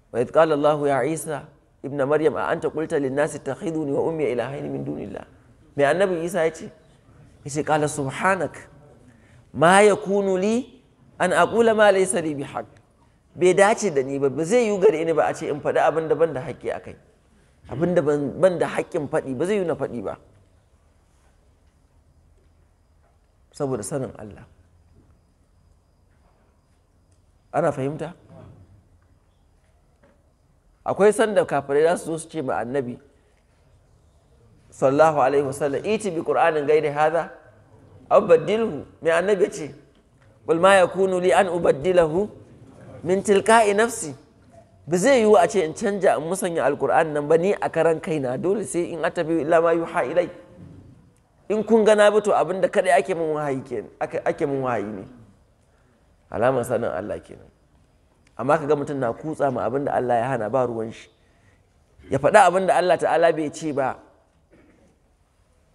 wa idh qala Allah ya Isa ibn Maryam a anta qulta lin nasi takhiduni wa ummi ilahaini min dunillah mai annabi Isa ya ce yace kala subhanak ma yakunu li an aqula ma laysa li bihaq bai dace da ni ba ba zai yi gare ni ba a ce in faɗi abin da ban da haƙƙi kai abinda ban da haƙƙin faɗi ba zai yi na faɗi ba saboda sanin Allah ana fahimta akwai sanda kafirai za su zo su ce ma annabi Sallahu alaihi wasallam iti bi qur'anin gaida haza aw baddilhu mai annabi ce bulma ya kunu li an ubaddilahu min tilka'i nafsi ba zai yiwu a ce in canja in musanya alkur'an nan ba ni a karan na dole sai in atabi illa ma yuha ilai in kun gana ba to abinda kadai ake min wahayi kenan ake mun wahayi ne alamar sanin Allah kenan amma kaga mutum na kutsa ma abinda Allah ya hana ba ruwan shi ya faɗa abinda Allah ta'ala bai ce ba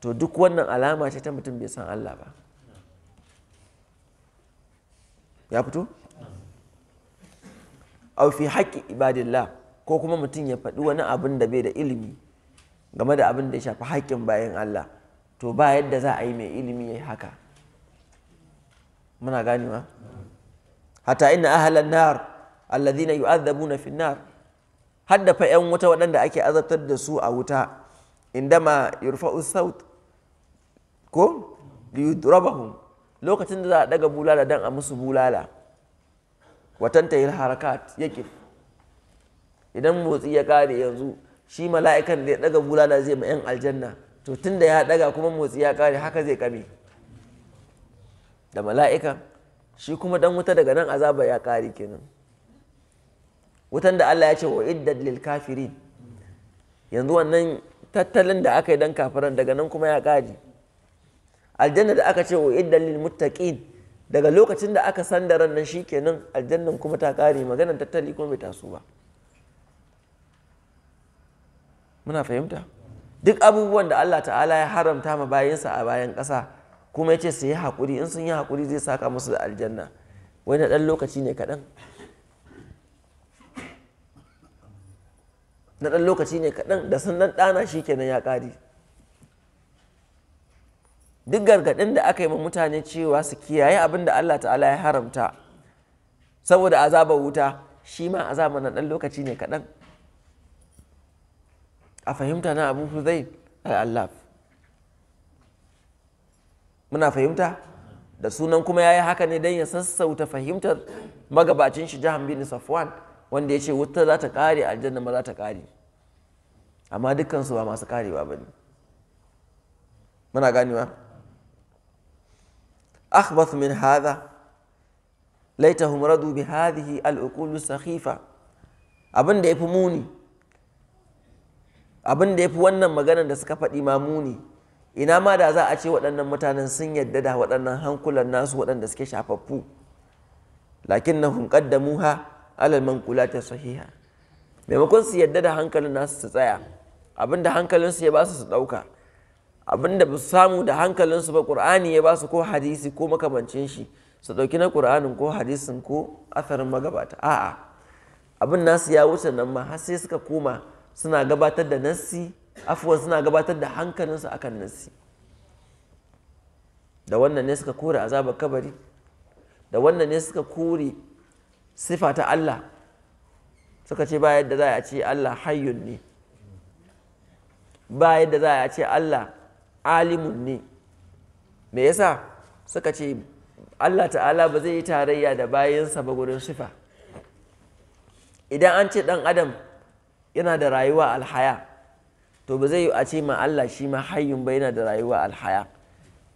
to duk wannan alama ce ta mutum bai san Allah ba ya fito aw fi ibadillah ko kuma mutum ya faɗi wani abin da bai da ilimi game da abin da ya shafi haƙƙin bayan Allah to ba yadda za a yi mai ilimi ya yi haka muna ganewa hatta inna ahlan nar alladhina yu'adhabuna fi nar hadda fa yan wuta waɗanda ake azabtar da su a wuta indama yurfa'u saut ko liyudrabahum lokacin da za a daga bulala dan a musu bulala watanta yin harakat ya idan motsi ya kare yanzu shi mala'ikan da ya daga bulala zai ma aljanna to tun da ya ɗaga kuma motsi ya kare haka zai kame da mala'ika shi kuma dan wuta daga nan azaba ya kare kenan wutan da Allah ya ce wa iddat lil kafirin yanzu wannan tattalin da aka yi dan kafiran daga nan kuma ya kare aljanna da aka ce wa iddat lil muttaqin daga lokacin da aka san da ran nan shikenan aljannan kuma ta kare maganar tattali kuma bai taso ba muna fahimta duk abubuwan da Allah ta'ala ya haramta ma bayansa a bayan kasa kuma ya ce su yi haƙuri in sun yi hakuri zai saka musu da aljanna wani ɗan lokaci ne kaɗan na ɗan lokaci ne kaɗan da sannan ɗana shi kenan ya ƙari duk gargaɗin da aka yi ma mutane cewa su kiyaye abin da Allah ta'ala ya haramta saboda azabar wuta shi ma azabar na ɗan lokaci ne kaɗan a fahimta na abu huzai al'allaf muna fahimta da sunan kuma ya yi haka ne don ya sassauta fahimtar magabacin shi jihar bin safwan wanda ya ce wuta za ta ƙare aljanna ma za ta ƙare amma dukkansu ba masu karewa ba ne muna ganewa أخبث من هذا laitahum radu bi hadhihi al'uqulu sakhifa abin da yafi muni abin da yafi wannan maganan da suka faɗi ma muni ina ma da za a ce waɗannan mutanen sun yadda da waɗannan hankulan nasu waɗanda suke shafaffu lakin na qaddamuha alal manqulati sahiha maimakon su yadda da hankalin nasu su tsaya abin da hankalin su ya basu su ɗauka abinda ba su samu da hankalinsu ba ƙur'ani ya ba su ko hadisi ko makamancin shi su ɗauki na ƙur'anin ko hadisin ko asarin magabata a'a abin nasu ya wuce nan ma har sai suka koma suna gabatar da nassi afuwan suna gabatar da hankalinsu akan nassi da wannan ne suka kore azabar kabari da wannan ne suka kore sifa ta Allah suka ce ba yadda za a ce Allah hayyun ne ba yadda za a ce Allah alimun ne me yasa suka ce Allah ta'ala ba zai yi tarayya da bayansa ba gurin sifa idan an ce dan adam yana da rayuwa alhaya to ba zai yi a ce ma Allah shi ma hayyun ba yana da rayuwa alhaya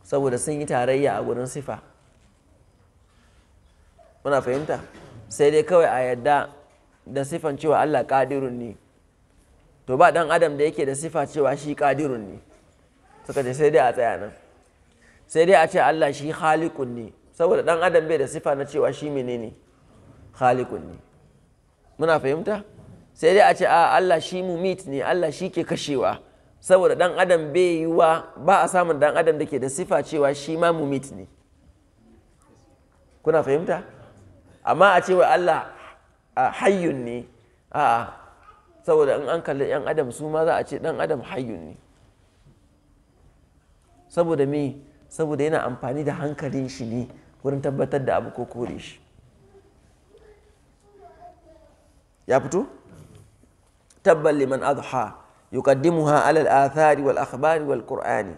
saboda sun yi tarayya a gurin sifa muna fahimta sai dai kawai a yadda da sifan cewa Allah ƙadirun ne to ba dan adam da yake da sifa cewa shi ƙadirun ne suka ce sai dai a tsaya nan sai dai a ce Allah shi khaliqun ne saboda dan adam bai da sifa na cewa shi menene khaliqun ne muna fahimta sai dai a ce a Allah shi mumit ne Allah shi ke kashewa saboda dan adam bai yiwa ba a samun dan adam da ke da sifa cewa shi ma mumit ne kuna fahimta amma a ce wa Allah hayyun ne a'a saboda in an kalli 'yan adam su ma za a ce dan adam hayyun ne saboda me saboda yana amfani da hankalin shi ne wurin tabbatar da abu ko kore shi ya fito tabbal liman adha yuqaddimuha alal athari wal akhbari wal qur'ani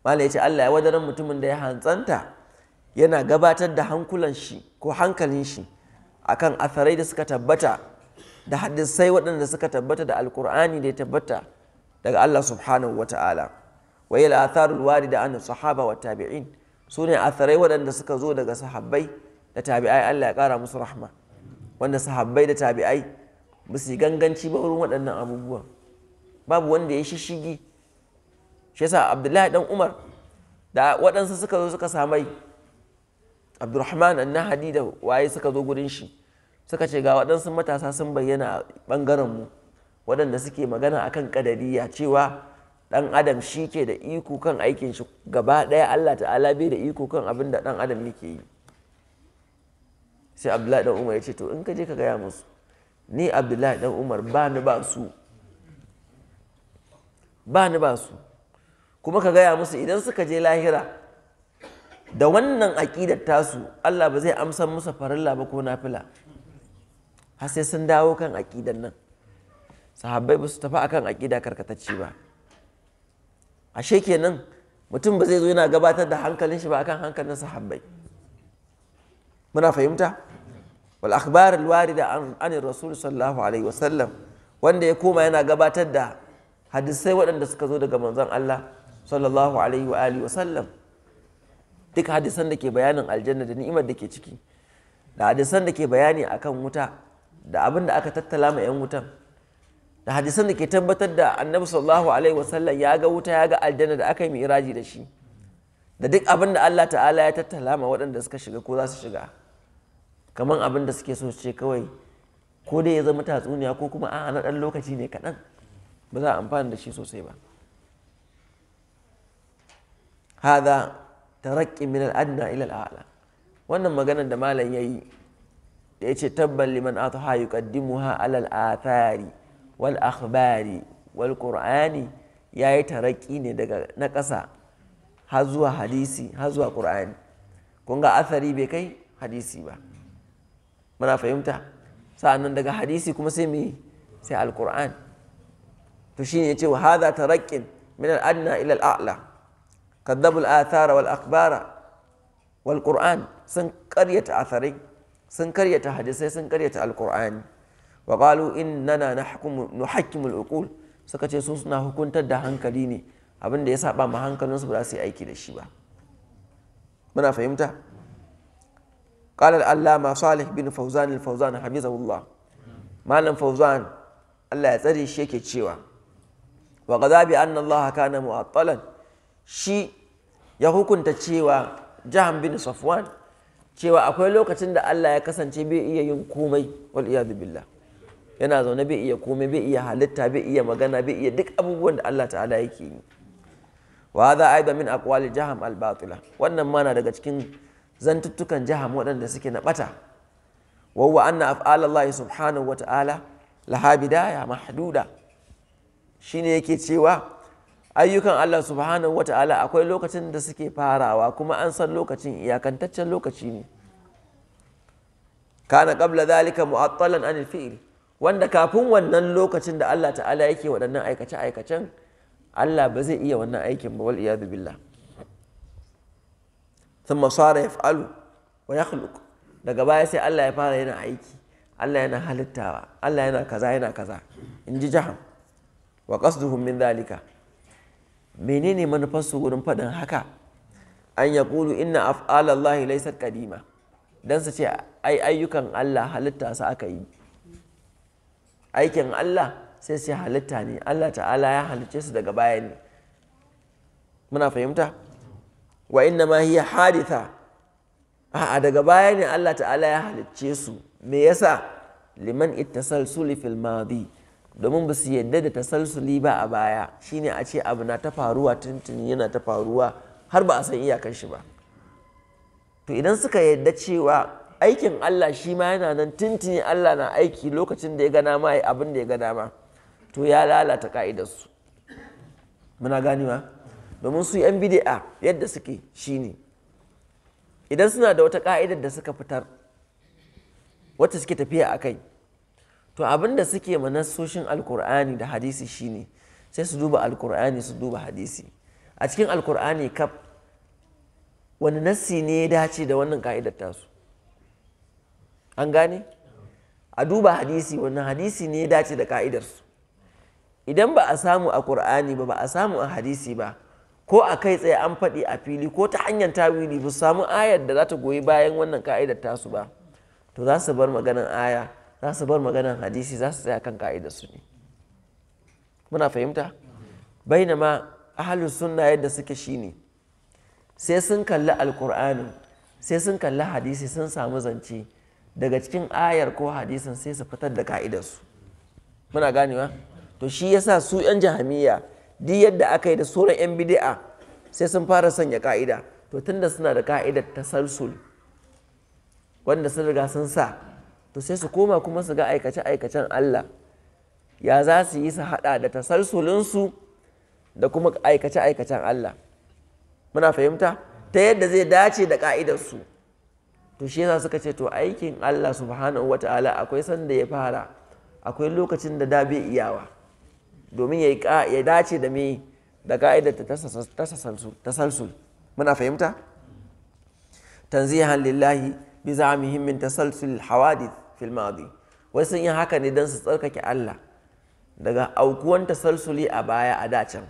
malai yace Allah ya wadaran mutumin da ya hantsanta yana gabatar da hankulan shi ko hankalin shi akan atharai da suka tabbata da hadisai waɗanda suka tabbata da alkur'ani da ya tabbata daga Allah subhanahu wa ta'ala wa yi al'atharul wari da anil sahaba wa tabi'in su ne atharai waɗanda suka zo daga sahabbai da tabi'ai Allah ya ƙara musu rahma wanda sahabbai da tabi'ai ba su ganganci ba wurin waɗannan abubuwan babu wanda ya shishigi shi yasa abdullahi dan umar da waɗansu suka zo suka samai abdurrahman annahadi da waye suka zo gurin shi suka ce ga waɗansu matasa sun bayyana a ɓangaren mu waɗanda suke magana akan kadariya cewa dan adam shi ke da iko kan aikin shi gaba ɗaya Allah ta'ala bai da iko kan abin da dan adam yake yi sai abdullahi dan umar ya ce to in ka je ka gaya musu ni abdullahi dan umar ba ni ba su ba ni ba su kuma ka gaya musu idan suka je lahira da wannan aƙidar tasu Allah ba zai amsa musu farilla ba ko nafila har sai sun dawo kan aƙidar nan sahabbai ba su tafi akan aƙida karkatacci ba ashe kenan mutum ba zai zo yana gabatar da hankalin shi ba akan hankalin sahabbai muna fahimta wal akhbar al warida an an rasul sallallahu alaihi wasallam wanda ya koma yana gabatar da hadisai waɗanda suka zo daga manzon Allah sallallahu alaihi wa alihi wasallam duk hadisan da ke bayanin aljanna da ni'imar da ke ciki da hadisan da ke bayani akan wuta da abin da aka tattala ma 'yan wutan da hadisan da ke tabbatar da annabi sallallahu alaihi wasallam ya ga wuta ya ga aljanna da aka yi miraji da shi da duk abin da Allah ta'ala ya tattala ma waɗanda suka shiga ko za su shiga kamar abin da suke so ce kawai ko dai ya zama tatsuniya ko kuma a na ɗan lokaci ne kaɗan ba za a amfana da shi sosai ba hada tarakki min al-adna ila al wannan maganar da malam yi da yace tabbal liman atha yuqaddimuha ala al-athari wal akhbari ya yi yayi taraki ne daga na ƙasa har zuwa hadisi har zuwa qur'ani kun ga athari bai kai hadisi ba muna fahimta sa'annan daga hadisi kuma sai me sai alqur'an to ya ce, wa haza taraqqin min al-adna ila al-a'la kadhabu athara wal akhbara wal ƙuran sun karyata athari, sun karyata hadisai sun karyata alqur'ani wa qalu innana nahkumu nuhakkimu al suka ce su suna hukuntar da hankali ne abin da ya saba ma su ba za su yi aiki da shi ba muna fahimta qala al-allama salih bin fawzan al-fawzan hafizahullah malam fawzan Allah ya tsare shi yake cewa wa bi anna Allah kana mu'attalan shi ya hukunta cewa jahan bin safwan cewa akwai lokacin da Allah ya kasance bai iya yin komai wal iyadu billah yana zaune bai iya komai bai iya halitta bai iya magana bai iya duk abubuwan da Allah ta'ala yake yi wa hadha aidan min akwali jaham albatula wannan ma na daga cikin zantuttukan jaham waɗanda suke na bata wa huwa anna af'al Allah subhanahu wa ta'ala laha mahduda shine yake cewa ayyukan Allah subhanahu wa ta'ala akwai lokacin da suke farawa kuma an san lokacin iyakantaccen lokaci ne kana qabla dhalika mu'attalan anil fi'li wanda kafin wannan lokacin da Allah ta'ala yake waɗannan aikace-aikacen Allah ba zai iya wannan aikin ba wal iyadu billah thumma sara yaf'alu wa yakhluq daga baya sai Allah ya fara yana aiki Allah yana halittawa Allah yana kaza yana kaza in ji jaham wa qasduhum min zalika. menene manufar su wurin faɗin haka an kulu inna af'alallahi laysat qadima dan su ce ai ayyukan Allah halitta su aka yi aikin Allah sai sai halitta ne Allah ta'ala ya halicce su daga baya ne muna fahimta wa inna ma hiya haditha a'a daga baya ne Allah ta'ala ya halicce su me yasa liman ittasalsuli fil madi domin ba su yadda da tasalsuli ba a baya shine a ce abu na ta faruwa tuntun, yana ta faruwa har ba a san iyakar shi ba to idan suka yadda cewa aikin Allah shi ma yana nan tintini Allah na aiki lokacin da ya gana ma, ya abin da ya gana ma. to ya lalata ka'idarsu muna ganewa domin su yan bid'a yadda suke shine idan suna da wata ka'idar da suka fitar wacce suke tafiya a kai to abin da suke manassoshin alkur'ani da hadisi shine sai su duba alkur'ani su duba hadisi a cikin alkur'ani kaf wani nassi ne ya dace da wannan ka'idar tasu an gane a duba hadisi wannan hadisi ne ya dace da ka'idarsu idan ba a samu a ƙur'ani ba ba a samu a hadisi ba ko a kai tsaye an faɗi a fili ko ta hanyar tawili ba samu ayar da za ta goyi bayan wannan ka'idar tasu ba to za su bar maganan aya za su bar maganan hadisi za su tsaya kan ka'idar ne muna fahimta ma ahlus sunna yadda suke shine sai sun kalli alkur'ani sai sun kalli hadisi sun samu zance daga cikin ayar ko hadisin sai su fitar da ka'idarsu muna ganewa to shi yasa su 'yan jahamiya duk yadda aka yi da sauran 'yan bidi'a sai sun fara sanya ka'ida to tunda suna da ka'idar tasalsul wanda sun riga sun sa to sai su koma kuma su ga aikace-aikacen Allah ya za su yi su hada da tasalsulinsu da kuma aikace-aikacen Allah muna fahimta ta yadda zai dace da ka'idarsu su to shi yasa suka ce to aikin Allah subhanahu wata'ala akwai sanda ya fara akwai lokacin da da bai iyawa domin ya ya dace da me da ka'idar ta tasalsul muna fahimta tanzihan lillahi bi zamihim min tasalsul hawadith fil madi wai sun yi haka ne dan su tsarkake Allah daga aukuwan tasalsuli a baya a dacen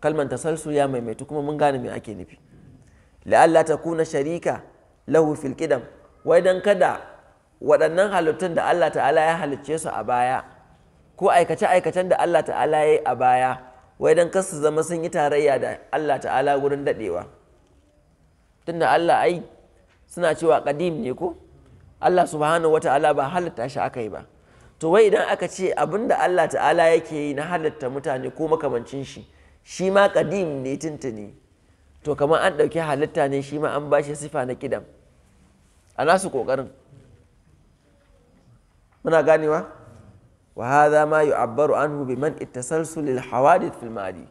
kalman tasalsul ya maimaitu kuma mun gane me ake nufi la'alla takuna sharika lahu fil kidam wai dan kada waɗannan halittun da Allah ta'ala ya halicce su a baya ko aikace aikacen da Allah ta'ala ya yi a baya wai dan kasu zama sun yi tarayya da Allah ta'ala gurin dadewa tunda Allah ai suna cewa kadim ne ko Allah subhanahu wata'ala ba halitta shi aka yi ba to wai idan aka ce abin da Allah ta'ala yake yi na halitta mutane ko makamancin shi shi ma kadim ne tuntuni to kamar an ɗauki halitta ne shi ma an bashi sifa na kidan. a nasu ƙoƙarin muna ganewa wa hadha ma yu'abbaru anhu bi man ittasalsulil hawadith fil madi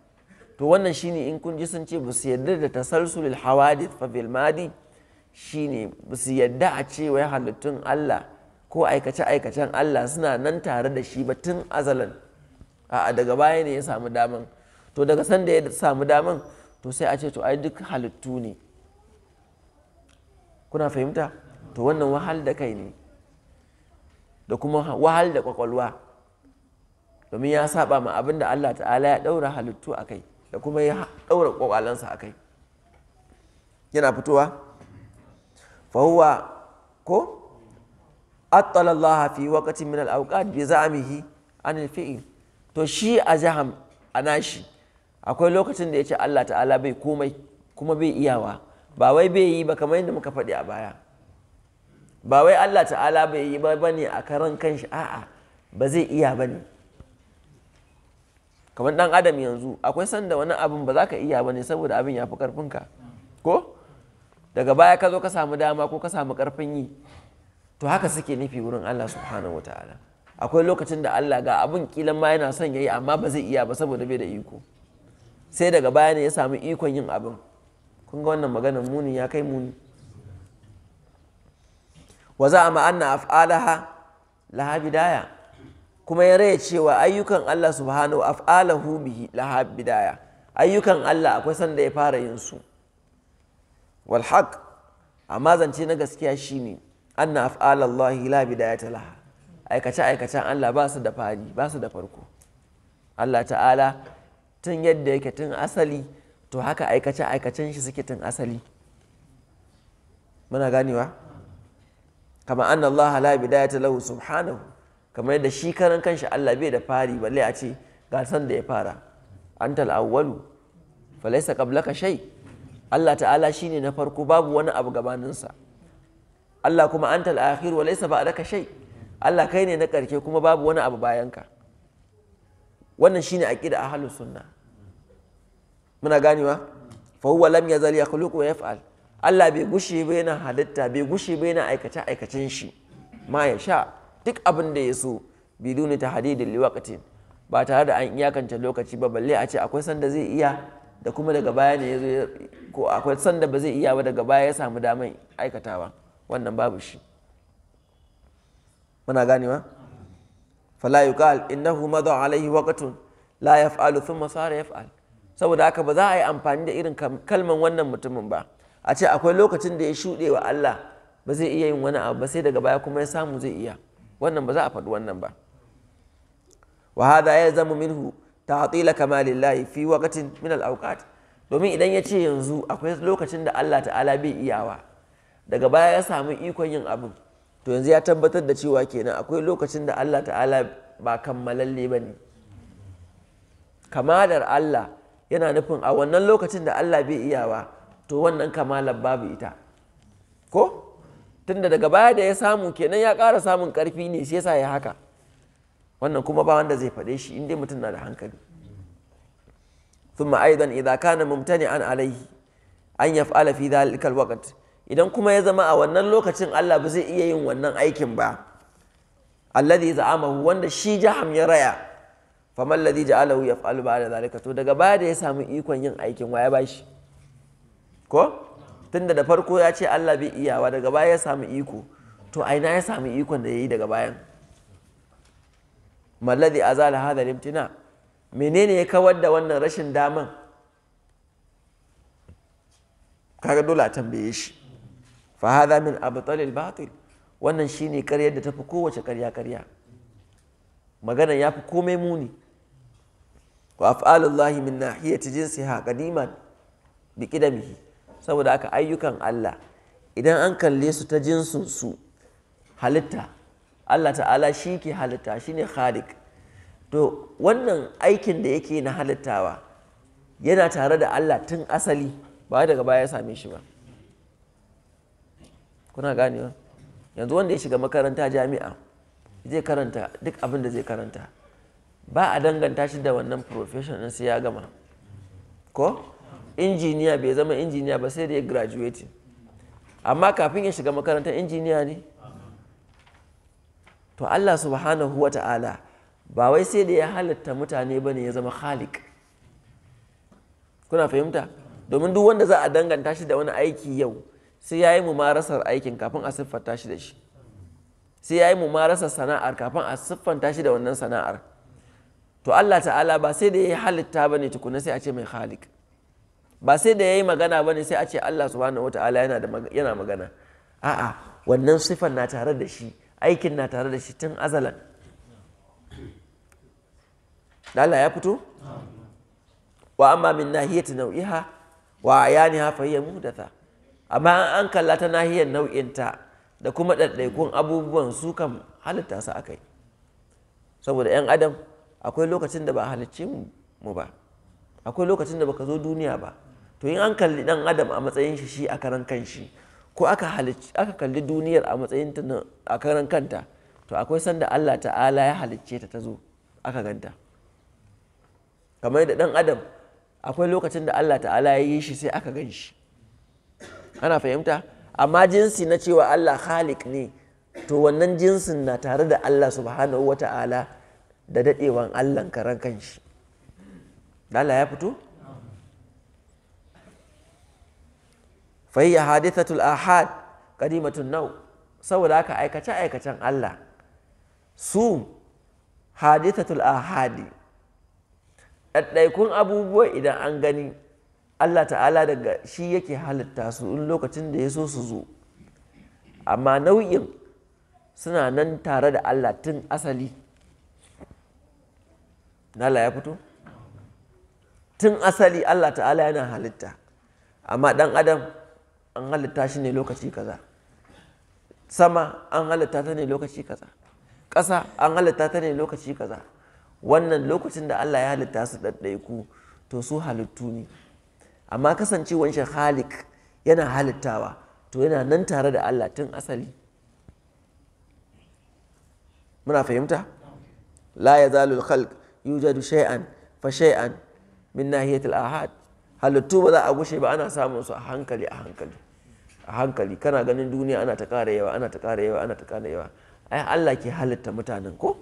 to wannan shine in kun ji sun ce bu su yarda da tasalsulil hawadith fa fil madi shine bu su yarda a ce wai halittun Allah ko aikace aikacen Allah suna nan tare da shi ba tun azalan a daga baya ne ya samu daman to daga san da ya samu daman to sai a ce to ai duk halittu ne kuna fahimta to wannan wahal da kai ne da kuma wahal da kwakwalwa domin ya saba ma abin da Allah ta'ala ya ɗaura halittu a kai da kuma ya ɗaura kwakwalansa a kai yana fitowa fahuwa ko attala fi wakati min al-awqat bi za'mihi an al-fi'l to shi a jaham anashi akwai lokacin da ya ce Allah ta'ala bai komai kuma bai iyawa ba wai bai yi ba kamar yadda muka faɗi a baya ba wai Allah ta'ala bai yi ba bane a karan kanshi a'a ba zai iya bane kamar dan adam yanzu akwai sanda wani abin ba za ka iya bane saboda abin ya fi karfinka ko daga baya ka zo ka samu dama ko ka samu karfin yi to haka suke nufi wurin Allah subhanahu ta'ala akwai lokacin da Allah ga abin kilan ma yana son yayi amma ba zai iya ba saboda bai da iko sai daga baya ne ya samu ikon yin abin kun ga wannan maganar muni ya kai muni wa za a ma'anna af'alaha laha bidaya kuma ya raya cewa ayyukan Allah subhanahu fa’ala bihi laha bidaya ayyukan Allah akwai sanda ya fara yin su wal haq amma zance na gaskiya shine anna af'alallahi la ta laha aikace aikacen Allah ba su da fari ba su da farko Allah ta'ala tun yadda yake tun asali to haka aikace aikacen shi suke tun asali muna ganewa kama an Allah la ta lahu subhanahu kamar yadda shi karan kanshi Allah bai da fari balle a ce ga san da ya fara antal awwalu falaysa qablaka shay Allah ta'ala shine na farko babu wani abu gabaninsa Allah kuma antal akhir wa laysa ba'daka shay Allah kai ne na karke kuma babu wani abu bayan ka. wannan shine aqida ahlus sunna muna ganewa fa huwa lam yazal yakhluqu wa yaf'al Allah bai gushe ba yana halitta bai gushe ba yana aikace aikacen shi ma ya sha duk abin da ya so biduni ta hadidin liwaqtin ba tare da an iyakance lokaci ba balle a ce akwai sanda zai iya da kuma daga baya ne yazo ko akwai sanda ba zai iya ba daga baya ya samu damar aikatawa wannan babu shi muna ganewa fala yuqal innahu madha alaihi waqtun la yaf'alu thumma sara yaf'al saboda haka ba za a yi amfani da irin kalman wannan mutumin ba a ce akwai lokacin da ya shuɗe wa Allah ba zai iya yin wani abu ba sai daga baya kuma ya samu zai iya wannan ba za a faɗi wannan ba wa hada ya zama minhu ta'tila kamalillahi fi waqtin min al-awqat domin idan ya ce yanzu akwai lokacin da Allah ta'ala bai iyawa daga baya ya samu ikon yin abu, to yanzu ya tabbatar da cewa kenan akwai lokacin da Allah ta'ala ba kammalalle ba ne kamalar Allah yana nufin a wannan lokacin da Allah bai iyawa to wannan kamalar babu ita ko tunda daga baya da ya samu kenan ya kara samun karfi ne shi yasa ya haka wannan kuma ba wanda zai faɗe shi inda mutum na da hankali ثم أيضا إذا كان ممتنعا عليه أن يفعل في ذلك الوقت idan kuma ya zama a wannan lokacin Allah ba zai iya yin wannan aikin ba alladhi za'amahu wanda shi jaham ya raya faman ladhi ja'alahu yaf'alu ba'da zalika to daga baya da ya samu ikon yin aikin waya bashi ko tunda da farko ya ce Allah bai iyawa daga baya ya samu iko to aina ya samu ikon da ya yi daga bayan mallazi azala hadha limtina menene ya kawar da wannan rashin daman kaga dole a tambaye shi fa hadha min abtalil batil wannan shine karyar da tafi kowace karya karya magana ya fi komai muni wa af'alullahi min nahiyati jinsiha qadiman bi qidamihi saboda aka ayyukan Allah idan an kalle su ta jinsin su halitta Allah ta'ala shi ke halitta shi ne khalik to wannan aikin da yake na halittawa yana tare da Allah tun asali ba daga baya ya same shi ba kuna wa? yanzu wanda ya shiga makaranta jami'a zai karanta duk abin da zai karanta ba a danganta shi da wannan profession sai ya gama ko injiniya bai zama injiniya ba sai da ya graduate amma kafin ya shiga makarantar injiniya ne to Allah subhanahu wa ta'ala ba wai sai da ya halitta mutane ba ne ya zama khalik kuna fahimta domin duk wanda za a danganta shi da wani aiki yau sai ya yi marasar aikin kafin a siffanta shi da shi sai ya yi marasar sana'ar kafin a siffanta shi da wannan sana'ar to Allah ta'ala ba sai da ya halitta ba ne tukuna sai a ce mai khalik ba sai da ya yi magana ba ne sai a ce Allah subhanahu wataala yana da yana magana a'a wannan sifan na tare da shi aikin na tare da shi tun azalan Allah ya fito wa amma min nahiyati nau'iha wa ayaniha fa Da muhdatha amma an kalla ta nahiyar nau'inta da kuma ɗaiɗaikun abubuwan su kan halitta su akai saboda 'yan adam akwai lokacin da ba halicci mu ba akwai lokacin da baka zo duniya ba to in an kalli dan adam a matsayin shi shi a karan kanshi ko aka kalli duniyar a matsayin ta a karan kanta to akwai sanda Allah ta'ala ya halicce ta ta zo aka ganta kamar da dan adam akwai lokacin da Allah ta'ala ya yi shi sai aka gan shi ana fahimta amma jinsi na cewa Allah khalik ne to wannan jinsin na tare da Allah subhanahu wa ta'ala da daɗewan Allah karan kanshi Allah ya fito fa hiya hadithatul ahad qadimatun nau saboda haka aikace aikacen Allah su hadithatul ahadi ɗaiɗaikun abubuwa idan an gani Allah ta'ala daga shi yake halitta su in lokacin da ya so su zo amma nau'in suna nan tare da Allah tun asali Nala ya fito? Tun asali Allah ta'ala yana halitta amma ɗan adam an halitta shi ne lokaci kaza sama an halitta ta ne lokaci kaza ƙasa an halitta ta ne lokaci kaza wannan lokacin da Allah ya halitta su ɗaɗɗaiku to su halittu ne amma kasancewan shi halik yana halittawa to yana nan tare da Allah tun asali muna fahimta la ya zalul khalq yujadu shay'an fa shay'an min nahiyatil ahad halittu ba za a gushe ba ana samun su a hankali a hankali a hankali kana ganin duniya ana ta ƙara yawa ana ta ƙara yawa ana ta ƙara yawa ai Allah ke halitta mutanen ko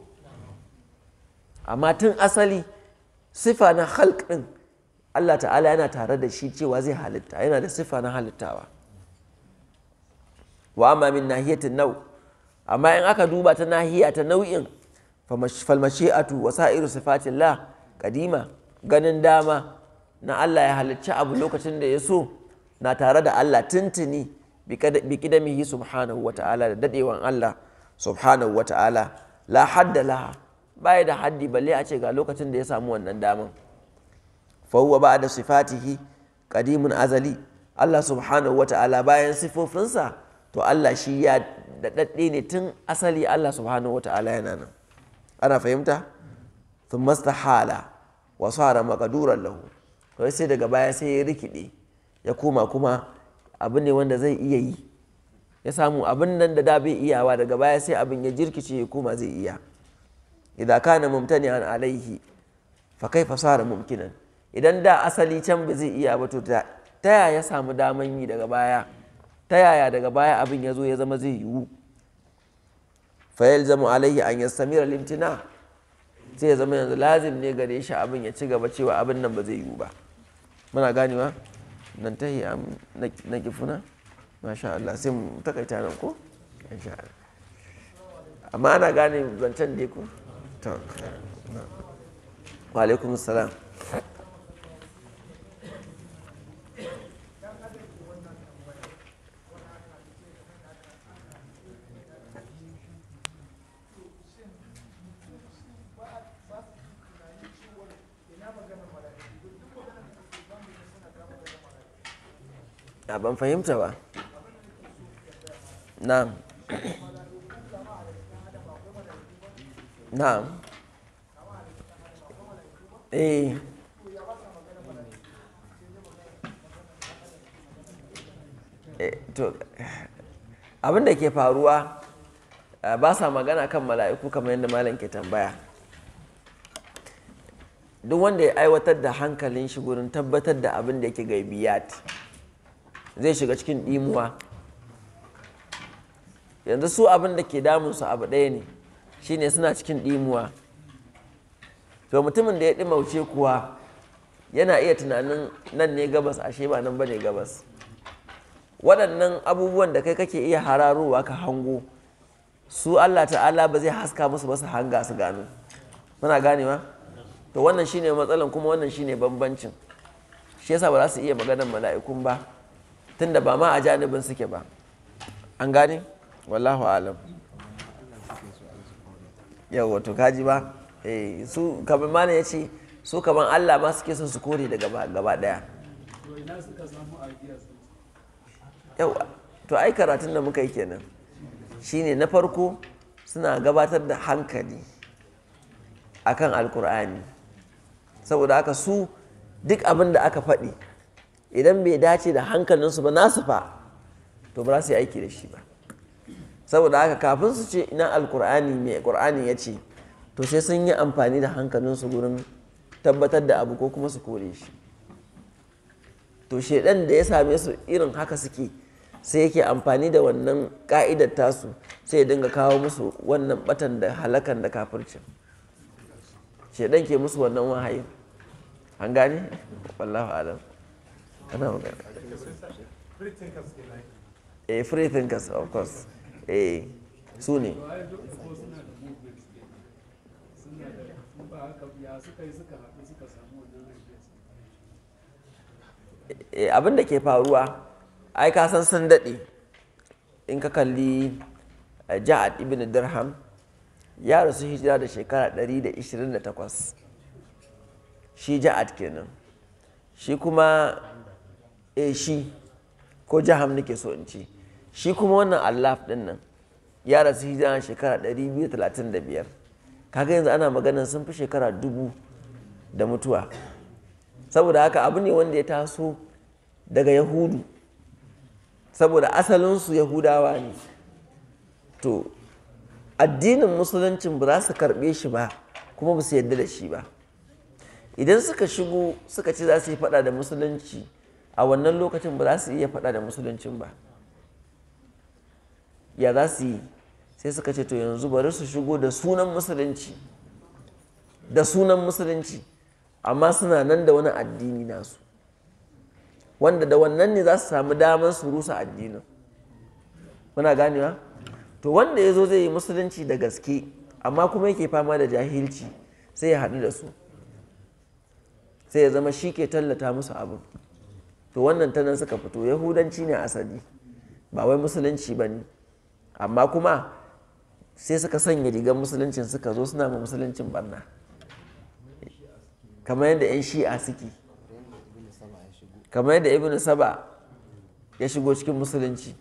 amma tun asali sifa na halk din Allah ta'ala yana tare da shi cewa zai halitta yana da sifa na halittawa wa amma min nahiyatin nau amma in aka duba ta nahiya ta nau'in falmashi'atu wa sa'iru sifatillah kadima ganin dama na Allah ya halicci abu lokacin da ya so na tare da Allah tuntuni bi kidamihi subhanahu wa ta'ala da dadewan Allah subhanahu wa ta'ala la hadda laha baya da haddi balle a ce ga lokacin da ya samu wannan daman fa huwa ba'da sifatihi qadimun azali Allah subhanahu wa ta'ala bayan sifofinsa to Allah shi ya daɗaɗɗe ne tun asali Allah subhanahu wa ta'ala yana nan ana fahimta thumma hala wa sara maqduran lahu to sai daga baya sai ya rikide ya koma kuma abu ne wanda zai iya yi ya samu abin nan da da bai iyawa daga baya sai abin ya jirkice ya koma zai iya idan kana mumtani an alaihi fa kaifa sara mumkinan idan da asali can ba zai iya ba to ta yaya ya samu daman yi daga baya ta yaya daga baya abin ya zo ya zama zai yiwu fa yalzamu alaihi an yastamira al-imtina sai ya zama yanzu lazim ne gare shi abin ya ci gaba cewa abin nan ba zai yiwu ba muna ganewa nan ta yi na funa masha Allah sai mu takaita nan ko insha Allah amma ana gane zancen da ku to wa alaikum salam a ban fahimta ba na'am na'am eh, eh abin da ke faruwa eh, ba sa magana kan mala'iku kamar yadda malam ke tambaya duk wanda ya aiwatar da hankalin shi gurin tabbatar da abin da yake gaibiyat zai shiga cikin ɗimuwa yanzu su abin da ke su abu ɗaya ne shine suna cikin ɗimuwa to mutumin da ya ɗi mauce kuwa yana iya tunanin nan ne gabas ashe ba nan ba gabas waɗannan abubuwan da kai kake iya hararowa ka hango su Allah ta'ala ba zai haska musu ba su hanga su gano muna ganewa to wannan shine matsalan kuma wannan shine bambancin shi yasa ba za su iya maganar mala'ikun ba tunda ba ma a janibin suke ba an gane wallahu alam Yau to kaji ba eh, su kamar mana ya ce su kamar allah ma suke son su kore da gaba daya Yau to ai karatun da muka yi kenan shine na farko suna gabatar da hankali akan alkur'ani saboda haka su duk abin da aka faɗi idan bai dace da hankalinsu ba nasu fa to ba za su yi aiki da shi ba saboda haka kafin su ce ina alkur'ani mai qur'ani ya ce to sai sun yi amfani da hankalinsu gurin tabbatar da abu ko kuma su kore shi to shaidan da ya same su irin haka suke sai yake amfani da wannan ka'idar tasu sai ya dinga kawo musu wannan batan da halakan da kafircin shaidan ke musu wannan wahayin an gane wallahu alam ana magana eh free thinkers of course eh Sunni. ne eh, abin da ke faruwa ai ka san sun daɗe in ka kalli eh, ja'ad ibn dirham ya rasu hijira da shekara 128 shi ja'ad kenan shi kuma eh shi ko jaham nake so in ce shi kuma wannan allaf din nan ya rasu hijira shekara 235 kaga yanzu ana magana sun fi shekara dubu da mutuwa saboda haka abu ne wanda ya taso daga yahudu saboda asalinsu yahudawa ne to addinin musuluncin ba za su karbe shi ba kuma ba su yadda da shi ba idan suka shigo suka ce za su yi fada da musulunci a wannan lokacin ba za su iya faɗa da musuluncin ba ya za su yi sai suka ce to yanzu bari su shigo da sunan musulunci da sunan musulunci amma suna nan da wani addini nasu wanda da wannan ne za su samu damar su rusa addinin muna ganewa to wanda ya zo zai yi musulunci da gaske amma kuma yake fama da jahilci sai ya haɗu da su sai ya zama shi ke tallata musu abin to wannan ta nan suka fito yahudanci ne asali ba wai musulunci ba ne amma kuma sai suka sanya rigar musuluncin suka zo suna ma musuluncin barna kamar yadda 'yan shi'a suke kamar yadda ibn saba ya shigo cikin musulunci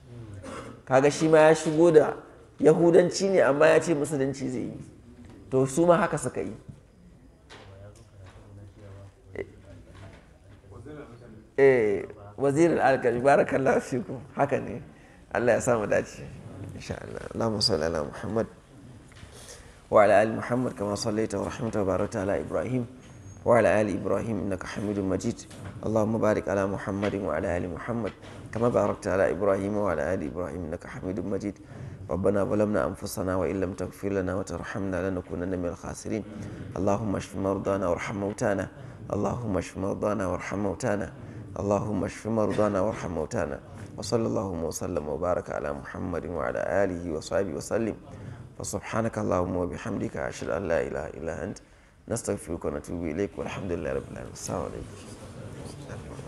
kaga shi ma ya shigo da yahudanci ne amma ya ce musulunci zai yi to su ma haka suka yi eh wazirin alkali baraka fikum haka ne Allah ya samu mu dace insha Allah Allahumma salli ala Muhammad wa ala ali Muhammad kama sallaita wa rahmata wa ala Ibrahim wa ala ali Ibrahim innaka Hamidum Majid Allahumma barik ala Muhammadin wa ala ali Muhammad kama barakta ala Ibrahim wa ala ali Ibrahim innaka Hamidum Majid ربنا ظلمنا لم تغفر لنا وترحمنا لنكونن من الخاسرين اللهم اشف مرضانا وارحم موتانا اللهم اشف مرضانا وارحم موتانا اللهم اشف مرضانا وارحم موتانا وصلى اللهم وسلم وبارك على محمد وعلى آله وصحبه وسلم فسبحانك اللهم وبحمدك أشهد أن لا إله إلا أنت نستغفرك ونتوب إليك والحمد لله رب العالمين السلام عليكم